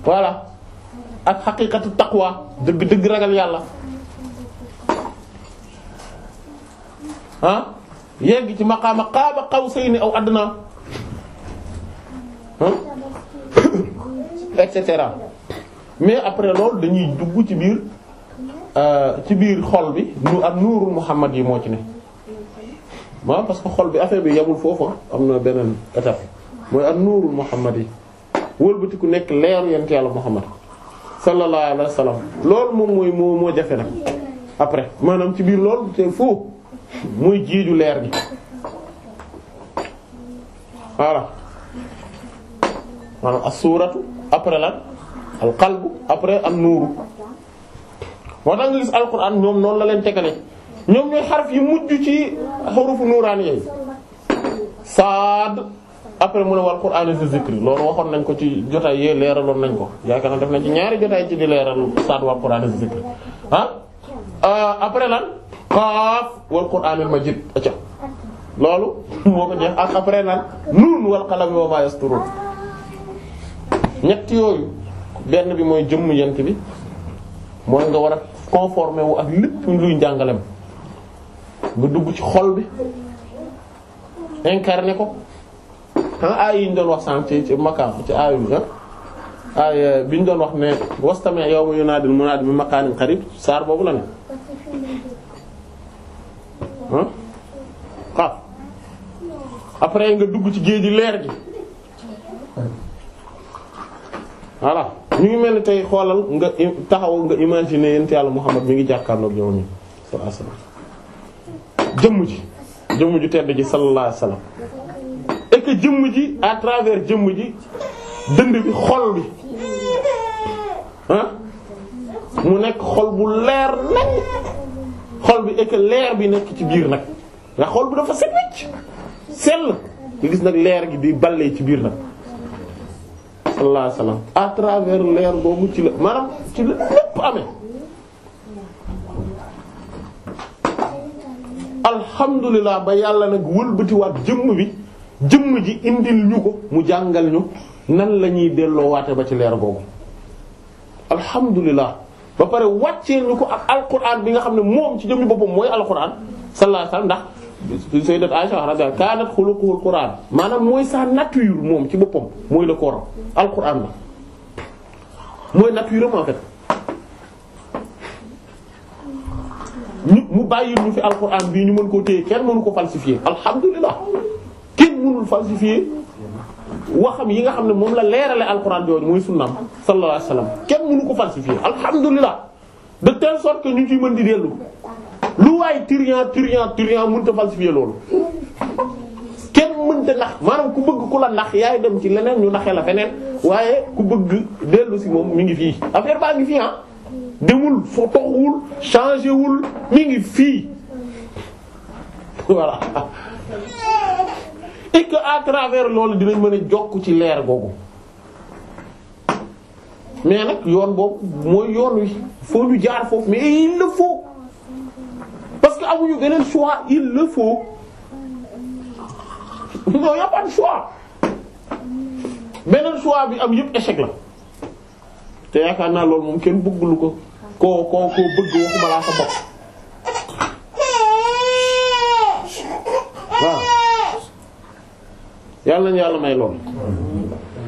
voilà ak xaqiiqatu taqwa dëgg dëgg ragal yàlla ah yegg ci maqaama qaaba qawsayni aw adnaa et cetera mais après loolu dañuy dugg ci biir euh, ci biir xol bi nu ak nuurul Muhammad yi moo ci ne waaw parce que xol bi affaire bi yabul foofu ah. am na beneen étape mooy ak nuurul Muhammad yi wëlbatiku nekk leeru yent yàlla Muhammad sallallahu alayhi wa sallam moom mooy moo moo jafe nag après maanaam ci biir lool te foofu mooy jiiju leer bi voilà maanaam as-suuratu après lan al-qalbu après an-nuuru moo tax nga gis alquran ñoom noonu la leen tegale ñoom ñooy xaraf yu mujj ci xurufu nuuraan yooyu saad après mu ne wal qur'aan fi zikri loolu waxoon nañ ko ci jotaay yee leeraloon nañ ko yaakaar naa def nañ ci ñaari jotaay ci di leeral saad wal qur'aan fi zikri ah, ah après lan qaaf wal qur'aanil majiid acca loolu moo ko jeex ak après lan nuun wal qalami wa a yasturuun ñett yooyu benn bi mooy jëmm yent bi mooy nga war a conformer wu ak lépp luy njàngalem nga dugg ci xol bi incarné ko ah aay ñu doon wax sànq ci ci makkaam ci aay bi aay euh, ñu doon wax ne wastami yawma yunaadil munaadi min makaanin qariib saar boobu la ne ah après nga dugg ci géej gi leer bi voilà ñu ngi mel ni tey xoolal nga taxawal nga imaginer yent yàlla Muhammad mu ngi jàkkaarloog yow nii sallallahu alayhi wasallam jëmm ji jëmm ji tedd ji sallallahu alayhi wasallam et que jëmm ji à travers jëmm ji dënd bi xol bi mu nekk xool bu leer nañ xol bi et que leer bi nekk ci biir nag nga xool bu dafa set wecc sell nga gis nag leer gi di ballee ci biir nag sallallahu alayhi wa sallam à travers leer boobu ci la maanaam ci la lépp amee alhamdulilah ba yàlla nag wëlbatiwaat jëmm bi jëmm ji indil ñu ko mu jàngal ñu nan lañuy ñuy delloowaate ba ci leer boobu alhamdulilah ba pare wàccee ñu ko ak alquran bi nga xam ne moom ci jëmmi boppam mooy alquran sallallahu ndax def sayyidat Aisha radiyallahu kaanat xuluquhul Qur'an maanaam mooy sa nature moom ci boppam mooy le Coran al-Qur'an la mooy nature en fait mu bàyyi ñu fi al-Qur'an bii ñu mën koo téye kenn mënu ko falsifier alhamdulilah kenn mënul falsifier waxam yi nga xam ne moom la leerale al-Qur'an jooju mooy sunnaam sallallahu alayhi wasallam kenn mënu ko falsifier alhamdulilah de telle sorte ñu ciy mën di dellu. lu waay turian turian turian mënta falsifier loolu kenn mënta nax maanaam ku bëgg ku la ndax yaay dem ci leneen ñu ndaxee la feneen waaye ku bëgg dellu si moom mu ngi fii affaire baa ngi fii ah. demul fo toxuwul changé wul mi ngi fii voilà et à travers loolu dinañ mën a jokk ci leer googu mais nag yoon boobu mooy yoon wi foo ñu jaar foofu mais il le faut parce que amuñu beneen choix il le faut non y a beneen choix bi am yëpp échec la te yaakaar naa loolu moom kenn bëggul ko koo koo koo bëgg waxuma laa sa bopp yàlla na yàlla may lool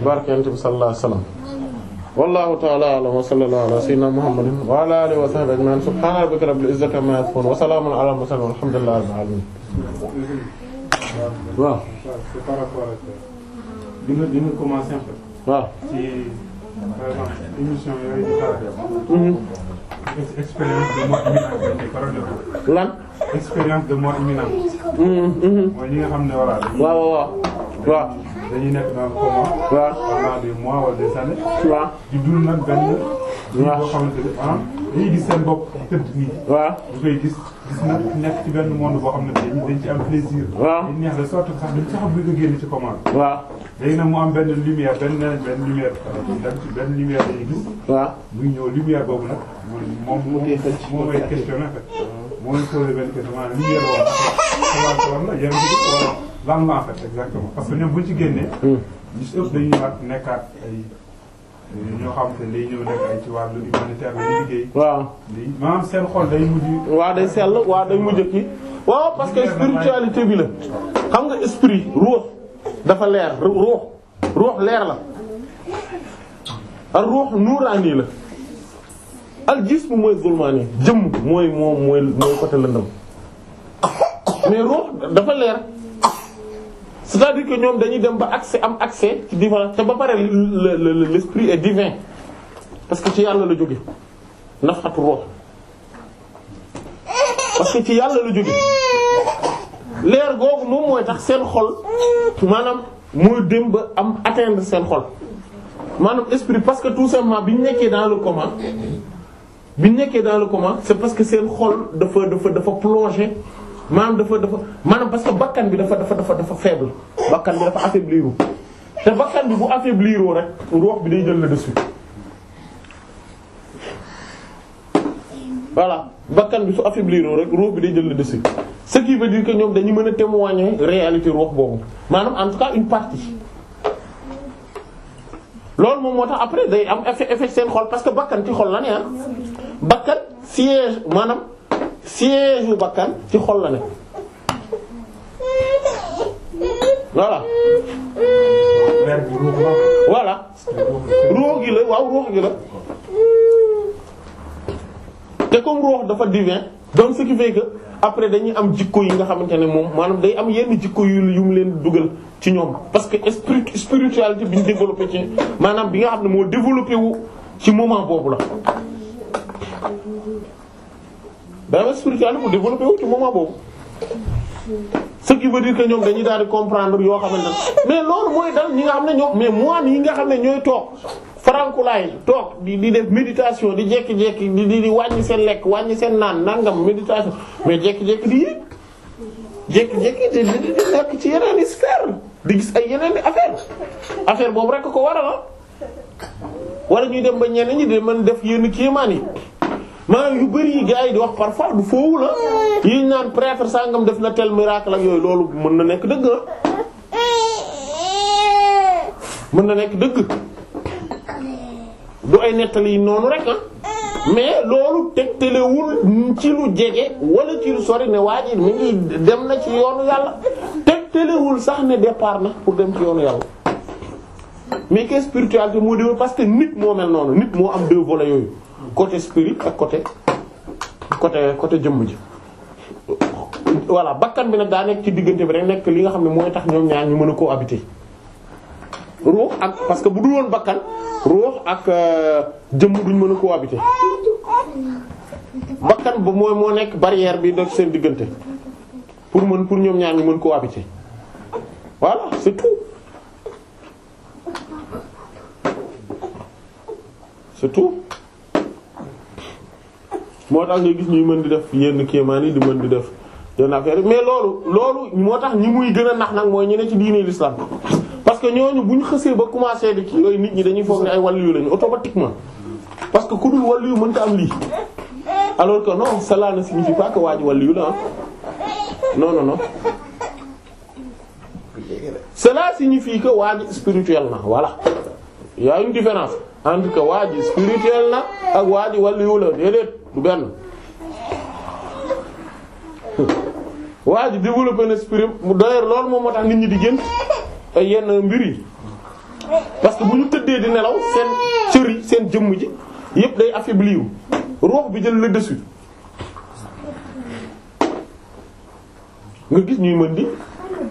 barkante bi sallallahu alayhi wasallam wallahu ta'ala a'lam wa sallallahu ala sayyidina muhammadin wa ala alihi wa sahbihi ajma'in subhana rabbika rabbil izzati amma yasifun wa salamun ala mursalin walhamdulillahi rabbil alamin waaw dañuy nekk dans le coma. waaw pendant des mois wala des années. waaw ah, gis seen bopp tëdd nii. waaw gis na nekk ci benn boo xam ne dañ ci am plaisir. waaw dañ neex de sorte que sax dañ ci xam a génn ci coma bi. waaw mu am benn ci benn lumière dañuy gis. waaw ñëw lumière boobu nag. moom moom moo may question nag. Ah. moo may posé benn boobu. xabaar a lan la en fait parce que ñoom bu ci génnee. ñu hmm. si ëpp dañuy ñëwaat nekkaat ay euh, ñoo xam te day ñëw nekk ay ci wàllu humanitaire la liggéey. waaw maanaam seen xol day mujj. waaw day sell waaw day waaw parce que spiritualité bi la. xam nga esprit ruux dafa leer ruux ruux leer la. al ruux nuuraani la. al jism mooy zulmaani mooy moom mais ruux dafa leer. c'est-à-dire que ñoom dañuy dem ba accès am accès ci divin te ba pare l'esprit est divin parce que ci yàlla la jóge nafxatu ruux parce que ci yàlla la jóge leer googu moom mooy tax seen xol maanaam mooy dem ba am atteindre seen xol maanaam esprit parce que tout simplement bi ñu nekkee dans le coma bi ñu nekkee dans le coma c'est parce que seen xol dafa dafa dafa plongé maanaam dafa dafa maanaam parce que bakkan bi dafa dafa dafa dafa faible bakkan bi dafa affaiblir te bakkan bi bu affaiblir rek ruux bi day jël le dessus voilà bi su affaiblir rek ruux bi day jël le dessus ce qui veut dire ñoom dañu mën a témoigner réalité ruux boobu maanaam en tout cas une partie loolu moom moo tax après day am effet effet seen xol parce que bakkan ci xol la ne ah bakkan siège maanaam. siège bu bakkan ci xol la ne voilà. voilà ruux gi la waaw ruux gi la te comme ruux dafa divin donc ce qui après dañuy am jikko yi nga xamante ne moom maanaam day am yenn jikko yu yu mu leen dugal ci ñoom parce que esprit spiritualité bi ñu développé ci maanaam bi nga xam ne moo développé wu ci moment boobu la. dama spiritualité bu développé wu ci moment boobu ce qui veut dire que ñoom dañuy daal di comprendre yoo xamante ne mais loolu mooy dal ñi nga xam ne ñoom mais moine yi nga xam ne ñooy toog farankulaay toog di di def méditation di jékki-jékki di di di wàññi seen lekk wàññi seen naan nangam méditation mais jékki-jékki di yéeg jékki-jékki di di di nekk ci yeneen i di gis ay yeneen i affaire affaire boobu rek ko war a waral ah. wala ñuy dem ba ñenn ñi di mën def yenn kéemaan yi. maanaam yu bëri yi gars yi di wax parfois du foowu la yi naan prêtre sangam def na tel miracle ak yooyu loolu mën na nekk dëgg ah. mën na nekk dëgg du ay nettali noonu rek ah mais loolu tegtalewul ci lu jege wala ci lu sori ne waa ji mi ngi dem na ci yoonu yàlla teg telewul sax ne départ na pour dem ci yoonu yàlla mais que spiritualité moo déwén parce que nit moo mel noonu nit moo am deux volets yooyu. côté spirit ak côté côté côté jëmm ji voilà bakkan bi nag daa nekk ci diggante bi rek nekk li nga xam ne mooy tax ñoom ñaar ñu mën a cohabiter ruux ak parce que bu dul woon bakkan ruux ak euh, jëmm duñ mën a cohabiter bakkan bu mooy moo nekk barrière bi def seen diggante pour mën pour ñoom ñaar ñu mën cohabiter voilà c'est tout c'est moo tax nga gis ñuy mën di def yenn kéemaan yi di mën di def yenn affaire mais loolu loolu moo tax ñi muy gën a nax nag mooy ñeneen ci diine l'islam parce que ñooñu bu ñu xësee ba commencé di ci yooyu nit ñi dañuy foog ne ay wàllu lañu automatiquement parce que ku dul wàllu yu mënta am lii alors que non cela ne signifie pas que waa ji wàllu yu la ah non non non cela signifie que waa spirituel na voilà y a entre que waa spirituel na ak waaj ji wàllu la déedéet. du benn waa ji développé na esprit mu d'ailleurs loolu moom moo tax nit ñi di gént ay yenn mbir yi parce que bu ñu tëddee di nelaw seen cër yi seen jëmm ji yépp day affaibli wu ruux bi jël le dessus nga gis ñuy mën di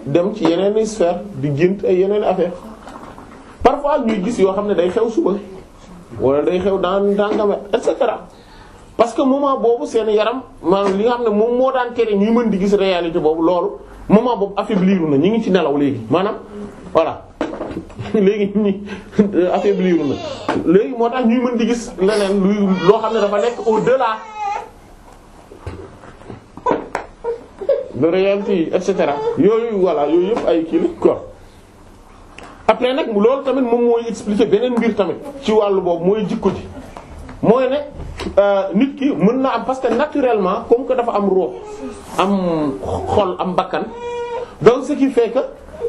dem ci yeneen sphère di gént ay yeneen affaire parfois ñuy gis yoo xam ne day xew suba wala day xew dans dans et cetera. parce que moment boobu seen yaram maanaam li xam ne moom moo daan tere ñuy mën di gis réalité boobu loolu moment boobu affaibliru na ñu ngi ci nelaw léegi maanaam voilà léegi ñi affaibliru na léegi moo tax ñuy mën di gis leneen luy loo xam ne dafa nekk au-delà de réalité yi et yooyu voilà yooyu yëpp ay kii la quoi après nag loolu tamit moom mooy expliquer beneen mbir tamit ci wàllu boobu mooy jikko ji mooy ne. Euh, nit ki mën na am parce que naturellement comme que dafa am ruux am xol am bakkan donc ce que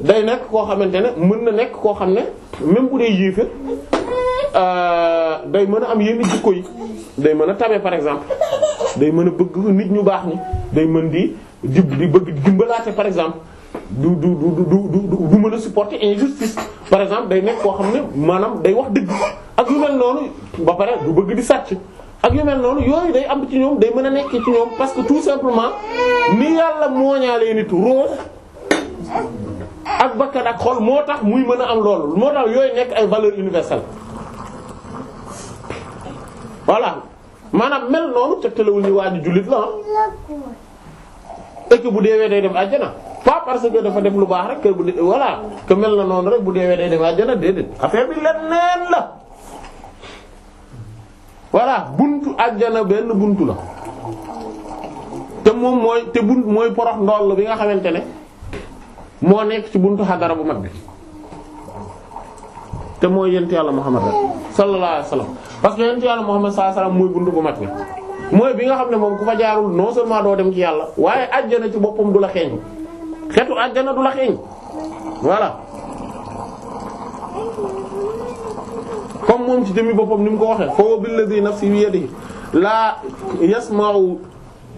day nekk koo xamante ne mën na nekk koo xam ne même bu dee yéefér euh, day mën a am yenn jikko yi day mën a tabe par exemple day mën a bëgg nit ñu baax ni day mën di di di bëgg dimbalaate par exemple du du du du du mën a supporter injustice par exemple day nekk koo xam ne maanaam day wax dëgg ak yu mel noonu ba pare du bëgg di sàcc ak yu mel noonu yooyu day am ci ñoom day mën a nekk ci ñoom parce que tout simplement ni yàlla mooñaalee nit ruux ak bakkan ak xol moo tax muy mën a am loolu moo tax yooyu nekk ay valeurs universelles voilà maanaam mel noonu tegtalewul ni waa ji jullit la ah. et bu deewee day dem àjjana pas parce que dafa def lu baax rek que bu dee voilà que mel na noonu rek bu deewee day dem àjjana déedéet affaire bi leneen la. voilà buntu àjjana benn buntu la te moom mooy te bunt mooy porox la bi nga xamante ne moo nekk ci buntu xadara bu mag bi te mooy yent yàlla Muhammad sallallahu alayhi wasallam parce que yent yàlla Muhammad sallallahu alayhi wasallam mooy buntu bu mag bi mooy bi nga xam ne moom ku fa jaarul non seulement doo dem ci yàlla waaye àjjana ci boppam du la xeeñ xetu àjjana du la xeeñ voilà comme moom ci jëmmi boppam ni mu ko waxee fa wa billadhi si bi yadihi laa yasma'u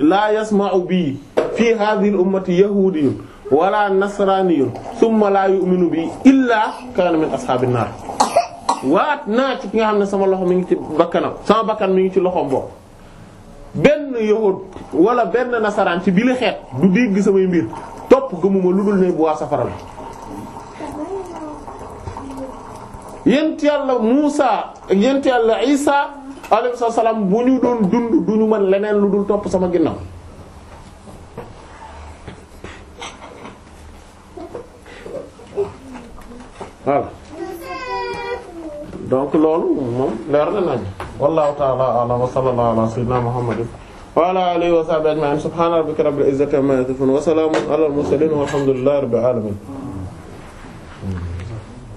laa yasma'u bi fi hadhihi al ummati yahudiyyun wala nasraniyyun laa yu'minu bi illa kana min ashabin waat naa ci ki nga xam ne sama loxo mi ngi ci bakkanam sama bakkan mi ngi ci loxom bopp benn yahud wala benn nasaraan ci bile xeet du dégg samay mbir topp gëmuma lu dul ne bu waa safara yent la Muusa ak yent yàlla Isa alayhi salaam bu ñu doon dund du ñu leneen lu dul topp sama ginnaaw voilà donc loolu moom leer na nañ wallahu ta'ala a'lam wa sallallahu ala sayyidina muhammadin wa ala alihi wa sahbihi ajma'in subhana rabbika rabbil izzati amma ala al mursalin walhamdulillahi alamin